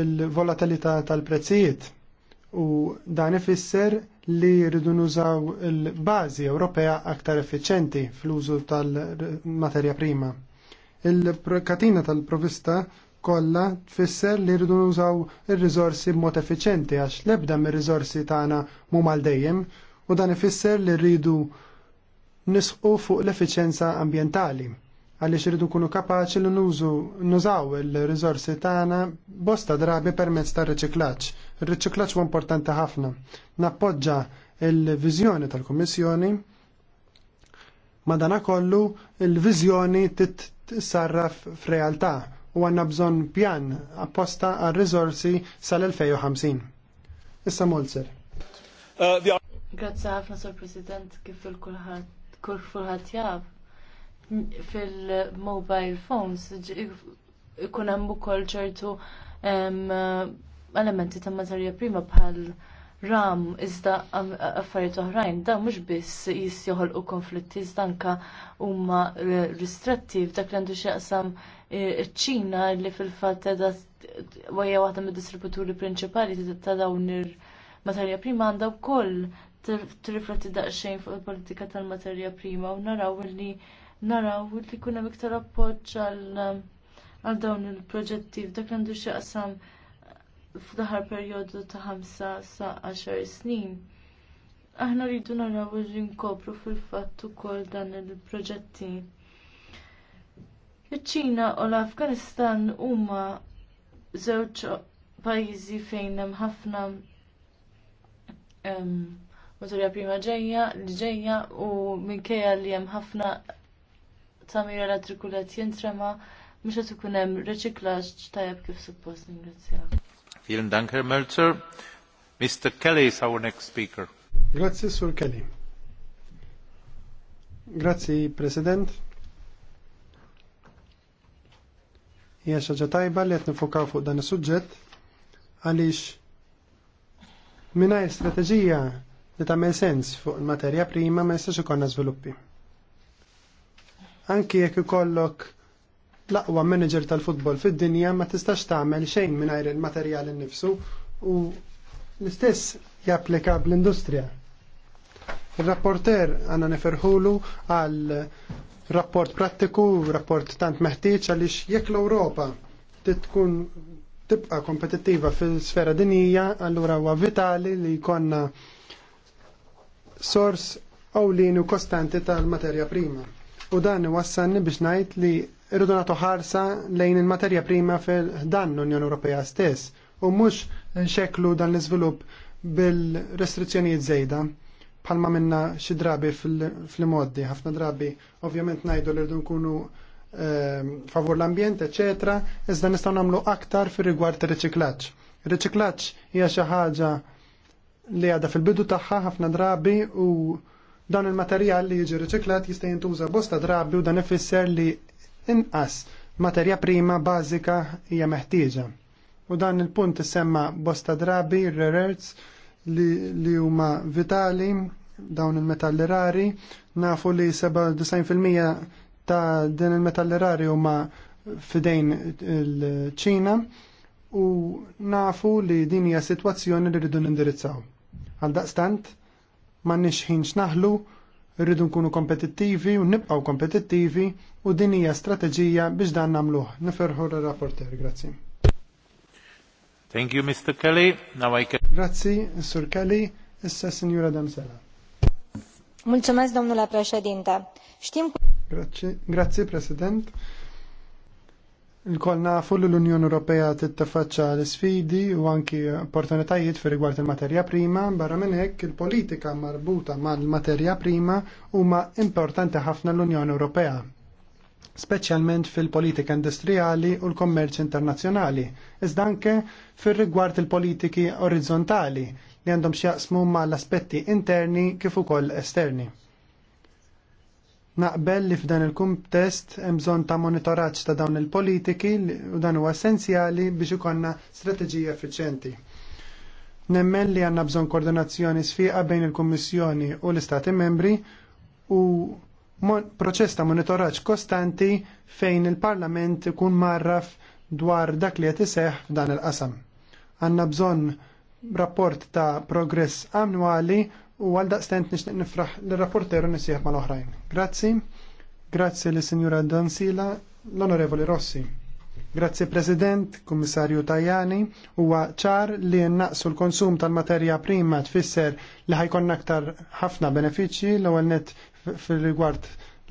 il-volatilità tal-prezzijiet u dan ifisser li rridu nużaw il-bażi Ewropea aktar effiċenti fl-użu tal-materja prima il-katina tal-provista kollha tfisser li rridu nużaw ir-riżorsi b'mod effiċenti għax l-ebda mir-riżorsi tagħna mhum għal dejjem u dan ifisser li rridu nisqu fuq l-effiċenza ambjentali għaliex irridu nkunu kapaċi li nużu nużaw il-riżorsi tagħna bosta drabi permezz tar-riċiklaġġ. Ir-riċiklaġġ huwa importanti ħafna. Nappoġġa il-viżjoni tal-Kummissjoni madana kollu il tit sarraf f'realtà u għanna bżon pjan apposta għal rizorsi sal-2050. Issa Molzer. Uh, Grazie ħafna, Sor President, kif il-kulħat jaf. Fil-mobile phones, ikun hemm ukoll ċertu elementi ta' materja prima bħal ram iżda affarijiet oħrajn dan mhux biss jissjoħolqu konflitti iżda anke huma ristretti f'dak li għandu x'jaqsam ċ-Ċina li fil-fatt edha wajja waħda mid-distributuri prinċipali ta' dawn il-materja prima għandha wkoll tirrifletti daqsxejn fuq il-politika tal-materja prima u naraw li naraw li kuna iktar appoġġ għal dawn il-proġetti f'dak għandu xie qasam f'daħar perjodu ta' 5 sa 10 snin. Aħna rridu naraw li nkopru fil-fatt ukoll dan il-proġetti Iċ-Ċina u l-Afganistan huma żewġ pajjiżi fejn hemm ħafna materja prima ġejja li ġejja u minkejja li hemm ħafna tamir elettriku li qed jintrema mhux qed ikun hemm riċiklaġġ tajjeb kif suppost ningrazzjaw. Vielen Dank, Herr Mölzer. Mr. Kelly is our next speaker. Grazie, Sur Kelly. Grazie, President. Hija xaġa tajba li qed nifukaw fuq dan is-suġġett għaliex mingħajr strateġija li tagħmel sens fuq il-materja prima ma jistax ikollna żviluppi. Anki jekk ikollok l-aqwa manager tal-futbol fid-dinja ma tistax tagħmel xejn mingħajr il-materjal innifsu u l-istess japplika bl-industrija. Il-rapporter għanna neferħulu għal rapport prattiku, rapport tant meħtieġ għaliex jekk l-Ewropa tkun tibqa kompetittiva fil-sfera dinija, allura huwa vitali li jkollna sors u kostanti tal-materja prima. U dan wassanni biex ngħid li irridu nagħtu ħarsa lejn il-materja prima fil-dan l-Unjoni Ewropea stess u mhux nxeklu dan l-iżvilupp bil-restrizzjonijiet żejda palma minna xi drabi fil-modi, ħafna drabi ovvjament najdu li rridu ehm, favur l-ambjent, eċetera, iżda nistgħu nagħmlu aktar fir rigward ir-riċiklaġġ. Ir-riċiklaġġ hija xi ħaġa li għadha fil-bidu tagħha ħafna drabi u dan il-materjal li jiġi riċiklat jista' jintuża bosta drabi u dan ifisser li inqas materja prima bażika hija meħtieġa. U dan il-punt isemma bosta drabi, rare earths, li huma vitali dawn il-metalli rari. Nafu li 97% ta' din il-metalli rari huma fidejn il-ċina u nafu li din hija sitwazzjoni li rridu nindirizzaw. Għal daqstant, ma nixħin xnaħlu, rridu nkunu kompetittivi u nibqaw kompetittivi u din hija strateġija biex dan nagħmluh. Niferħu r-rapporter, grazzi. Thank you, Mr. Kelly. Now I can... Grazzi, Sur Kelly, issa Signora Damsela. Mulțumesc, domnule președinte. Știm... Grazie, President. Il-kol nafu l-Unjoni Ewropea tittafaċċa l-sfidi u anki opportunitajiet fi rigward il-materja prima, barra minn hekk il-politika marbuta mal-materja prima huma importanti ħafna l-Unjoni Ewropea speċjalment fil-politika industrijali u l-kommerċ internazzjonali, iżda anke fir-rigward il-politiki orizzontali li għandhom x'jaqsmu mal aspetti interni kif ukoll esterni. Naqbel li f'dan il-kuntest hemm bżonn ta' monitoraġġ ta' dawn il-politiki u dan huwa essenzjali biex ikollna strateġija effiċjenti. Nemmen li għandna bżonn koordinazzjoni sfiqa bejn il-Kummissjoni u l-Istati membri u proċess ta' monitoraġġ kostanti fejn il-Parlament ikun marraf dwar dak li qed iseħħ f'dan il-qasam. Għandna bżonn rapport ta' progress annwali u għal daqstent nixtieq nifraħ lir-rapporteru nisieħ mal-oħrajn. Grazzi. Grazzi li sinjura Donsila, l-Onorevoli Rossi. Grazzi President, Kummissarju Tajani, huwa ċar li naqsu l-konsum tal-materja prima tfisser li ħajkonna aktar ħafna benefiċċji l ewwel net fil-rigward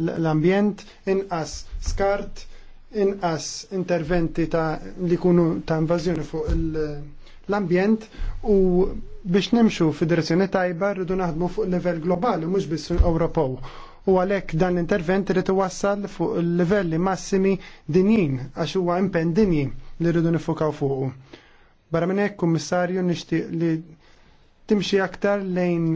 l-ambjent, inqas skart, inqas interventi ta' li kunu ta' invażjoni fuq l-ambjent u biex nimxu fid-direzzjoni tajba rridu naħdmu fuq livell globali mhux biss Ewropew. U għalhekk dan l-intervent irid iwassal fuq livelli massimi dinjin għax huwa impenn dinji li rridu nifukaw fuqu. Barra minn hekk, Kummissarju, nixtieq li timxi aktar lejn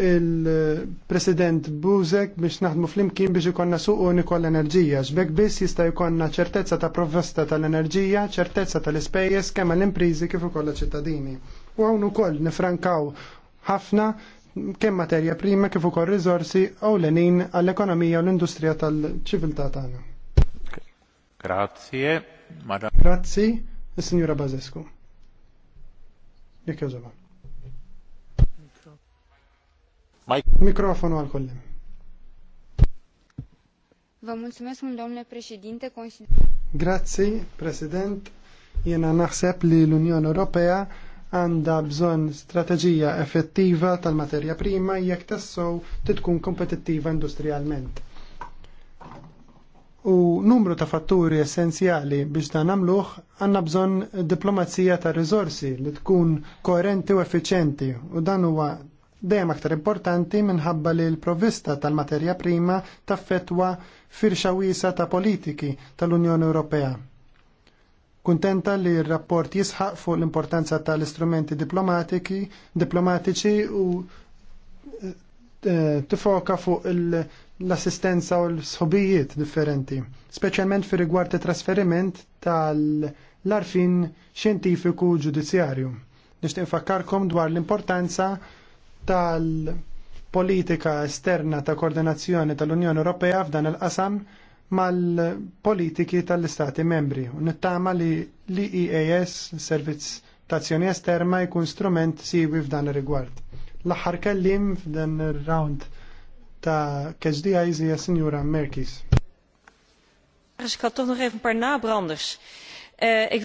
il-President Buzek biex naħdmu flimkien biex ikonna suq uniku l-enerġija. Xbek biss jista' jkollna ċertezza ta' provesta tal-enerġija, ċertezza tal-ispejjeż kemm l-imprizi kif ukoll ċittadini. U hawn ukoll nifrankaw ħafna kemm materja prima kif ukoll riżorsi ewlenin għall-ekonomija u l-industrija tal-ċiviltà tagħna. Grazie, madam. Grazzi, Signora sinjura Bazescu. Jekk jaġobha. Microfonul al coleg. Vă mulțumesc, domnule președinte. Grazie, president. Jena naħseb li l-Unjoni Ewropea għandha bżonn strateġija effettiva tal-materja prima jekk tassow titkun kompetittiva industrialment. U numru ta' fatturi essenzjali biex dan nagħmluh għandna bżonn diplomazija ta' riżorsi li tkun koerenti u effiċenti u dan huwa dejjem aktar importanti minħabba li l-provista tal-materja prima taffetwa firxa wiesa ta' politiki tal-Unjoni Ewropea. Kuntenta li r-rapport jisħaq fuq l-importanza tal-istrumenti diplomatiċi u eh, tifoka fuq l-assistenza u l-sħobijiet differenti, speċjalment fi rigward trasferiment tal-arfin xjentifiku ġudizzjarju. Nixtieq infakkarkom dwar l-importanza tal-politika esterna ta' koordinazzjoni tal-Unjoni Ewropea f'dan il-qasam mal-politiki tal-Istati membri. u Nittama li l-EAS, Servizz ta' Azzjoni Esterna, jkun strument siwi f'dan ir-rigward. L-aħħar kellim f'dan ir-round ta' KSDI hija Signora Merkis. Dus ik had toch nog even een paar nabranders. Uh, äh, ik...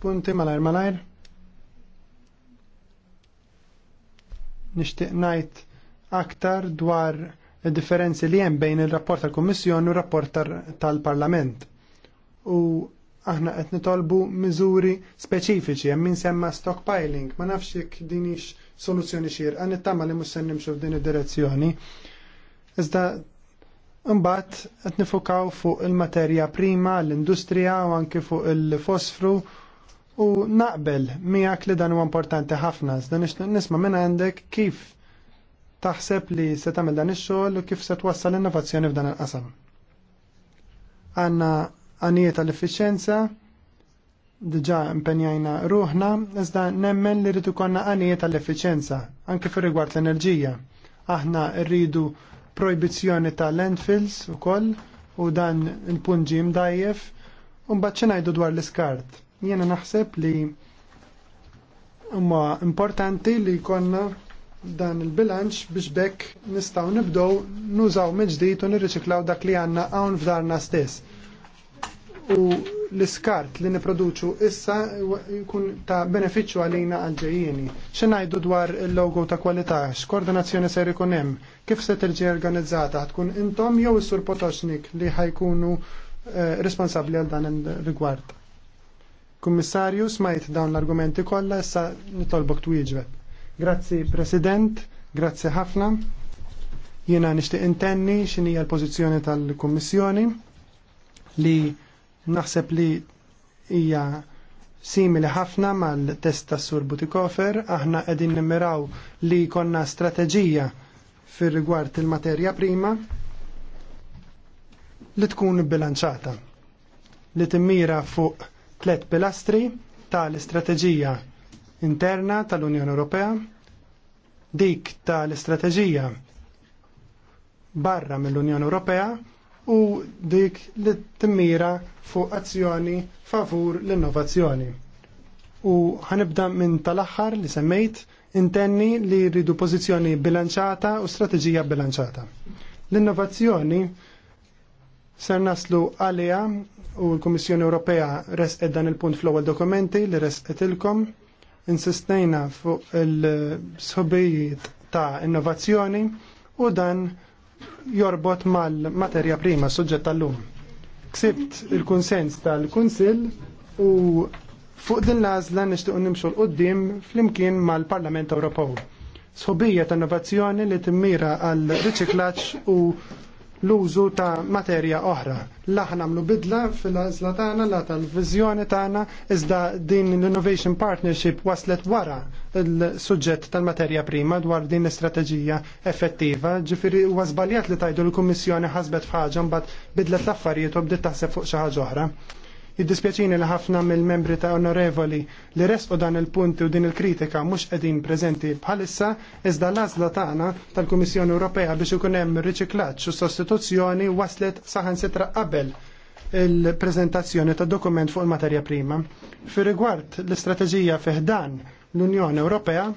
punti malajr malajr. nixtieq ngħid aktar dwar differenzi li hemm bejn ir-rapport tal-Kummissjoni u r-rapport tal-Parlament. U aħna qed nitolbu miżuri speċifiċi hemm min semma stockpiling, ma nafx jekk din hix soluzzjoni xierqa nittama li mhux se nimxu f'din id-direzzjoni. Iżda Imbagħad qed nifukaw fuq il-materja prima, l-industrija u anke fuq il-fosfru U naqbel miegħek li dan huwa importanti ħafna, iżda nisma' minn għandek kif taħseb li se tagħmel dan ix-xogħol u kif se twassal innovazzjoni f'dan il-qasam. Għandna għanijiet tal effiċenza diġa impenjajna ruħna, iżda nemmen li rridu konna għanijiet tal-efficienza, anke fir rigward l-enerġija. Aħna rridu proibizjoni tal-landfills u koll, u dan il punġim dajjef, un bacċinajdu dwar l-iskart. Jiena naħseb li huma importanti li jkollna dan il-bilanċ biex bekk nistaw nibdow nużaw meġdijt u nirriċiklaw dak li għanna għawn f'darna stess. U l-iskart li niproduċu issa jkun ta' beneficju għalina għalġejjeni. ċenajdu dwar il-logo ta' kwalità, x'koordinazzjoni ser ikun hemm, kif se terġi organizzata, tkun intom jew is-sur Potoċnik li ħajkunu eh, responsabli għal dan ir rigward Kummissarju, smajt dawn l-argumenti kollha issa nitolbok twieġbeb. Grazzi President, grazzi ħafna. Jiena nixtieq intenni x'inhi l-pożizzjoni tal-Kummissjoni li naħseb li hija simili ħafna mal-test tas Sur Butikofer, aħna qegħdin nimmiraw li konna strateġija fir rigward il-materja prima li tkun bilanċata li timmira fuq tlet pilastri tal-istrateġija interna tal-Unjoni Ewropea, dik tal-istrateġija barra mill-Unjoni Ewropea u dik li timmira fuq azzjoni favur l-innovazzjoni. U ħanibda minn tal-aħħar li semmejt intenni li rridu pożizzjoni bilanċata u strateġija bilanċata. L-innovazzjoni ser naslu għalija u l-Komissjoni Ewropea resqed dan il-punt fl-ewwel dokumenti li resqed ilkom insistejna fuq il-sħobijiet ta' innovazzjoni u dan jorbot mal-materja prima suġġett tal-lum. Ksibt il-konsens tal-Kunsill u fuq din l-għażla nixtiequ nimxu l-qoddim flimkien mal-Parlament Ewropew. Sħobija ta' innovazzjoni li timmira għal riċiklaġġ u l-użu ta' materja oħra. aħna nagħmlu bidla fil-għażla tagħna la tal vizjoni tagħna iżda din l-Innovation Partnership waslet wara l-suġġett tal-materja prima dwar din l-istrateġija effettiva. Ġifieri huwa żbaljat li tajdu l-Kummissjoni ħasbet f'ħaġa mbagħad bidlet l-affarijiet u bdiet taħseb fuq xi ħaġa oħra. Jiddispjaċini li ħafna mill-membri ta' onorevoli li resqu dan il-punti u din il-kritika mhux qegħdin preżenti bħalissa iżda l-għażla tagħna tal-Kummissjoni Ewropea biex ikun hemm riċiklaġġ u sostituzzjoni waslet saħansitra qabel il-prezentazzjoni ta' dokument fuq il-materja prima. Fi rigward l-istrateġija fiħdan l-Unjoni Ewropea,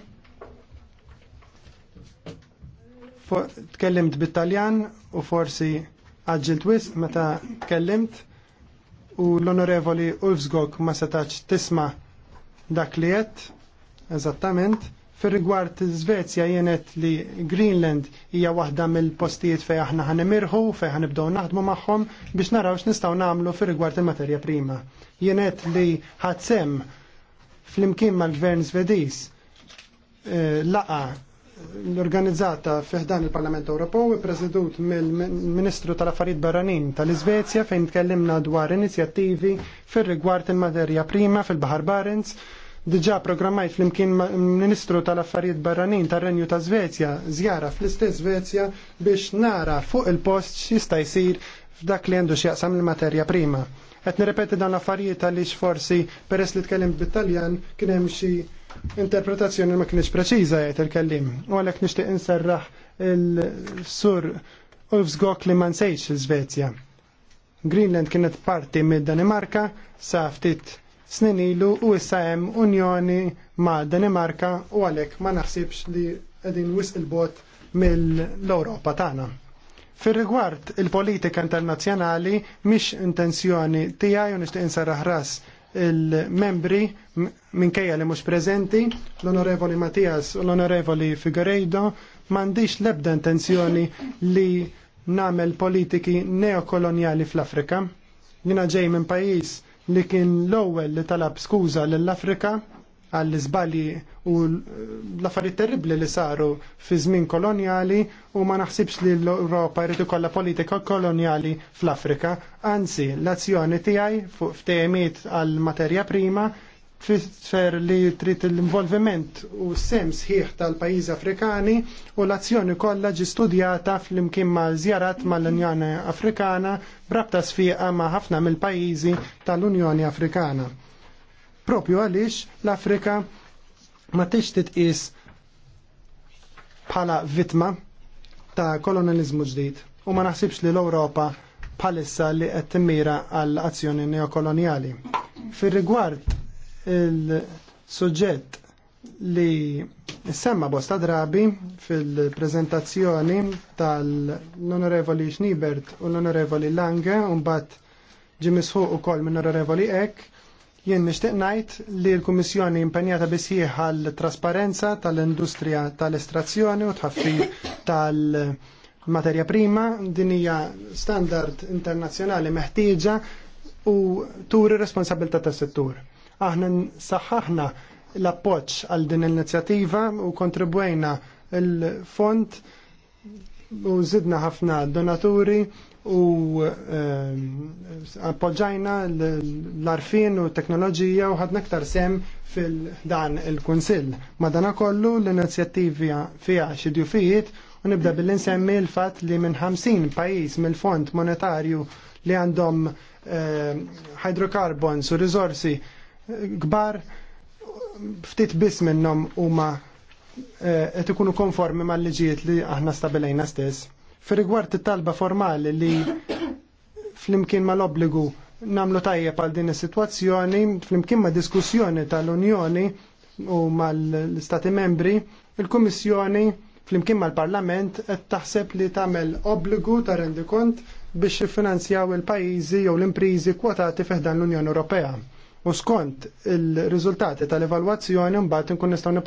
tkellimt bit-Taljan u forsi għagġilt wisq meta tkellimt u l-onorevoli Ulfsgok ma setax tisma dak li jett, eżattament, fir rigward Svezja jenet li Greenland hija waħda mill-postijiet fejn aħna fej fejn ibdow naħdmu magħhom biex naraw x'nistgħu nagħmlu fir rigward il-materja prima. Jenet li ħadsem fl-imkien mal-gvern Svediż eh, laqa l-organizzata fiħdan il-Parlament Ewropew ippreżedut mill-Ministru tal-Affarijiet Barranin tal-Iżvezja fejn tkellimna dwar inizjattivi fir-rigward il-materja prima fil-Baħar Barents. Diġà programmajt flimkien Ministru tal-Affarijiet Barranin tar-Renju ta' Zvezja żjara fl-istess Zvezja biex nara fuq il-post x'jista' jsir f'dak li għandu x'jaqsam il-materja prima. Qed nirrepeti dan l-affarijiet għaliex forsi peress li tkellim bit-Taljan kien hemm xi interpretazzjoni ma kienx preċiża jgħid il-kellim. U għalhekk nixtieq inserraħ il-sur Ulfsgok li ma nsejx il svezja Greenland kienet parti mid-Danimarka sa ftit snin ilu u issa hemm unjoni ma' Danimarka u għalhekk ma naħsibx li qegħdin wisq il-bot mill-Ewropa tagħna. Fir-rigward il-politika internazzjonali mhix intenzjoni tiegħi u nixtieq inserraħ ras il-membri minkejja li mhux preżenti, l-Onorevoli Mattias u l-Onorevoli Figueiredo, m'għandix l-ebda intenzjoni li nagħmel politiki neokoloniali fl-Afrika. Jina ġej minn pajjiż li kien l-ewwel li talab skuża lill-Afrika għall iżbali u l-affarijiet terribli li saru fi żmien kolonjali u ma naħsibx li l-Ewropa jrid ikollha politika kolonjali fl-Afrika. Anzi, l-azzjoni tiegħi fuq ftehimiet għal materja prima tfisser li trid l-involviment u sem sħiħ tal-pajjiżi Afrikani u l-azzjoni kollha ġi studjata flimkien ma' żjarat mal-Unjoni Afrikana brabta sfiqa ma' ħafna mill-pajjiżi tal-Unjoni Afrikana propju għaliex l-Afrika ma tix titqis bħala vitma ta' kolonializmu ġdid u ma naħsibx li l-Ewropa bħalissa li qed timmira għall azzjoni neokoloniali. Fir-rigward il-suġġett li semma bosta drabi fil-prezentazzjoni tal-Onorevoli Schniebert u l-Onorevoli Lange un bat ġimisħu u kol minn Onorevoli Ek Jien nixtieq ngħid li l-Kummissjoni impenjata bisħiħ għal trasparenza tal-industrija tal-estrazzjoni u tħaffi tal-materja prima din hija standard internazzjonali meħtieġa u turi responsabilità tas-settur. Aħna saħħaħna l-appoġġ għal din l-inizjattiva u kontribwejna l-fond u zidna ħafna donaturi u ehm, appoġġajna l-arfin u teknoloġija u ħadna aktar sem fil-dan il-Kunsill. Madana kollu l-inizjattivi fija xidju fijiet u nibda bil-insemmi l-fat li minn 50 pajis mill-Fond Monetarju li għandhom ehm, hydrocarbons u rizorsi kbar eh, ftit biss minnhom huma eh, qed ikunu konformi mal-liġijiet li aħna stabilejna stess. Fir-rigward it-talba formali li flimkien mal-obbligu namlu tajjeb għal din is-sitwazzjoni, flimkien ma' diskussjoni tal-Unjoni u mal-Stati membri, il-Kummissjoni flimkien mal-Parlament qed taħseb li tagħmel obbligu ta' rendikont biex jiffinanzjaw il-pajjiżi jew l-imprizi kwotati fiħdan l-Unjoni Ewropea. U skont il-riżultati tal-evalwazzjoni mbagħad inkun nistgħu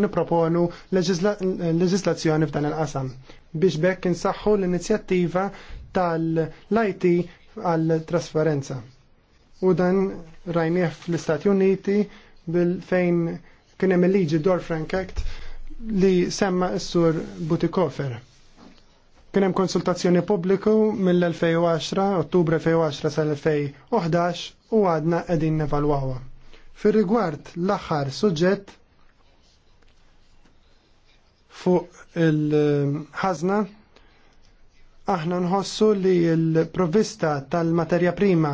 nipproponu leġislazzjoni f'dan il-qasam biex bekk insaħħu l-inizjattiva tal-IT għal-trasparenza. U dan rajnieh fl-Istati Uniti bil-fejn kien hemm il-liġi Dor frank Act li semma s-sur Butikofer. Kien hemm konsultazzjoni pubbliku mill-2010, Ottubru 2010 sal-2011 u għadna qegħdin nevalwawha. Fir-rigward l-aħħar suġġett fuq il-ħazna aħna nħossu li l-provvista tal-materja prima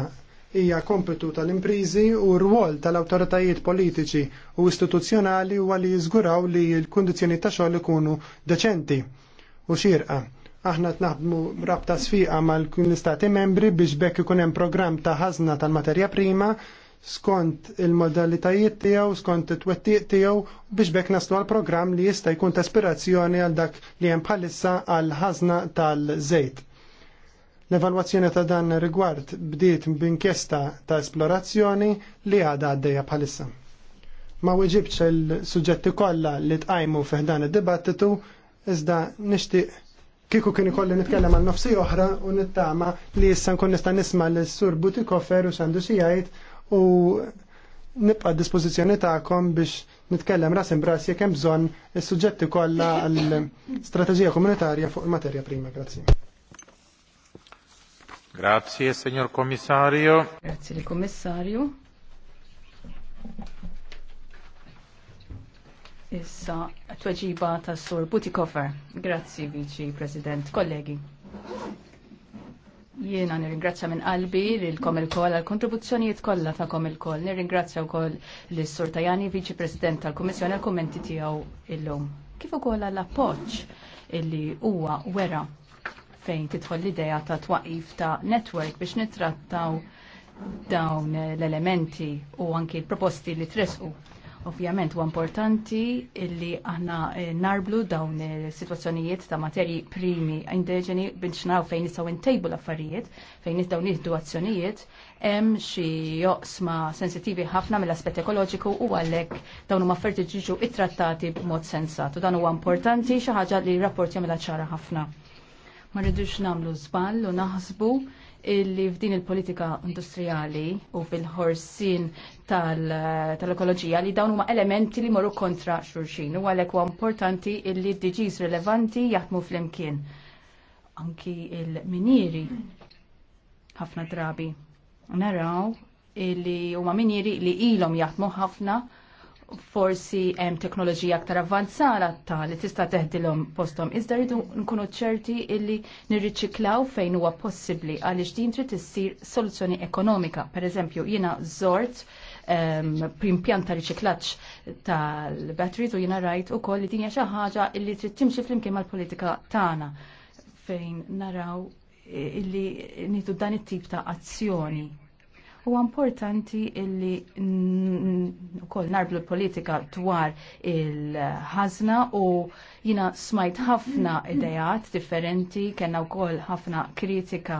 hija kompetu tal-imprizi u r-rwol tal-awtoritajiet politiċi u istituzzjonali huwa li jiżguraw li l-kundizzjoni ta' xogħol ikunu deċenti u xirqa. Aħna tnaħdmu rabta sfiqa mal-kun l-istati membri biex bekk ikun hemm programm ta' ħażna tal-materja prima skont il-modalitajiet tiegħu, skont it-twettiq tiegħu biex bekk naslu għal programm li jista' jkun t-aspirazzjoni għal dak li hemm bħalissa għal ħazna tal-żejt. L-evalwazzjoni ta' dan rigward bdiet b'inkjesta ta' esplorazzjoni li għadha għaddejja bħalissa. Ma weġibx il-suġġetti kollha li tqajmu fih dan id-dibattitu iżda nixtieq kiku kien ikolli nitkellem għal nofsi oħra u nittama li issa nkun nista' nisma' l-sur Butikofer u sandu xi jgħid u nibqa' dispożizzjoni tagħkom biex nitkellem ras imbras jekk hemm bżonn is-suġġetti kollha għall istrateġija komunitarja fuq il-materja prima. Grazzi. Grazie, signor Commissario. Grazie, il Commissario. Issa, tweġiba ta' Sur Butikofer. Grazzi, Viċi President, kollegi. Jiena nirringrazzja minn qalbi lilkom il-koll għal kontribuzzjonijiet kollha tagħkom il-koll. Nirringrazzja wkoll lis sur Tajani, Viċi President tal-Kummissjoni għal kummenti tiegħu illum. Kif ukoll għall appoġġ illi huwa wera fejn tidħol l-idea ta' twaqif ta' network biex nittrattaw dawn l-elementi u anki l-proposti li tresqu Ovvjament huwa importanti illi aħna eh, narblu dawn is-sitwazzjonijiet eh, ta' materji primi indiġeni biex naraw fejn nistgħu intejbu l-affarijiet, fejn dawn nieħdu azzjonijiet, hemm xi joqsma sensittivi ħafna mill-aspett ekoloġiku u għalhekk dawn huma affarijiet jiġu ittrattati b'mod sensat u dan huwa importanti xi ħaġa li r-rapport jagħmilha ċara ħafna. Ma rridux nagħmlu żball u naħsbu illi f'din il-politika industrijali u fil-ħorsin tal-ekoloġija li dawn huma elementi li morru kontra xurxin u għalhekk huwa importanti illi d-DGs rilevanti jaħdmu fl-imkien. Anki il-minieri ħafna drabi naraw illi huma minieri li ilhom jaħdmu ħafna forsi hemm teknoloġija aktar avvanzata ta' li tista' teħdilhom posthom. Iżda rridu nkunu ċerti illi nirriċiklaw fejn huwa possibbli għaliex din trid issir soluzzjoni ekonomika. Pereżempju, jiena żort ehm, primpjant ta' riċiklaċ tal-batteries u jiena rajt ukoll li din hija xi ħaġa illi trid timxi flimkien mal-politika tagħna fejn naraw illi nitu dan it-tip ta' azzjoni. U importanti illi ukoll narblu politika dwar il-ħazna u jina smajt ħafna idejat differenti, kena kol ħafna kritika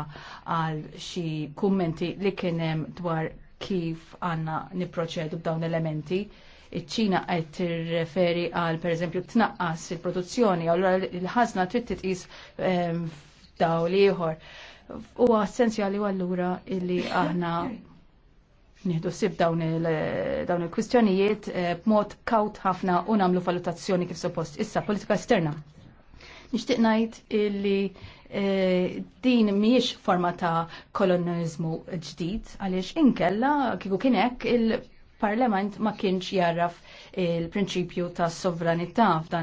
għal xi kummenti li kienem dwar kif għanna niproċedu b'dawn elementi iċ-ċina qed tirreferi għal pereżempju tnaqqas il-produzzjoni, allura il-ħażna trid titqis ehm, dawl ieħor. Huwa essenzjali allura illi aħna nieħdu sib dawn eh, il-kwistjonijiet eh, b'mod kaut ħafna u nagħmlu valutazzjoni kif suppost. Issa, politika esterna. Nixtieq ngħid illi eh, din mhijiex forma ta' kolonizmu ġdid għaliex inkella kieku kien hekk il-Parlament ma kienx jarraf il-prinċipju ta' sovranità f'dan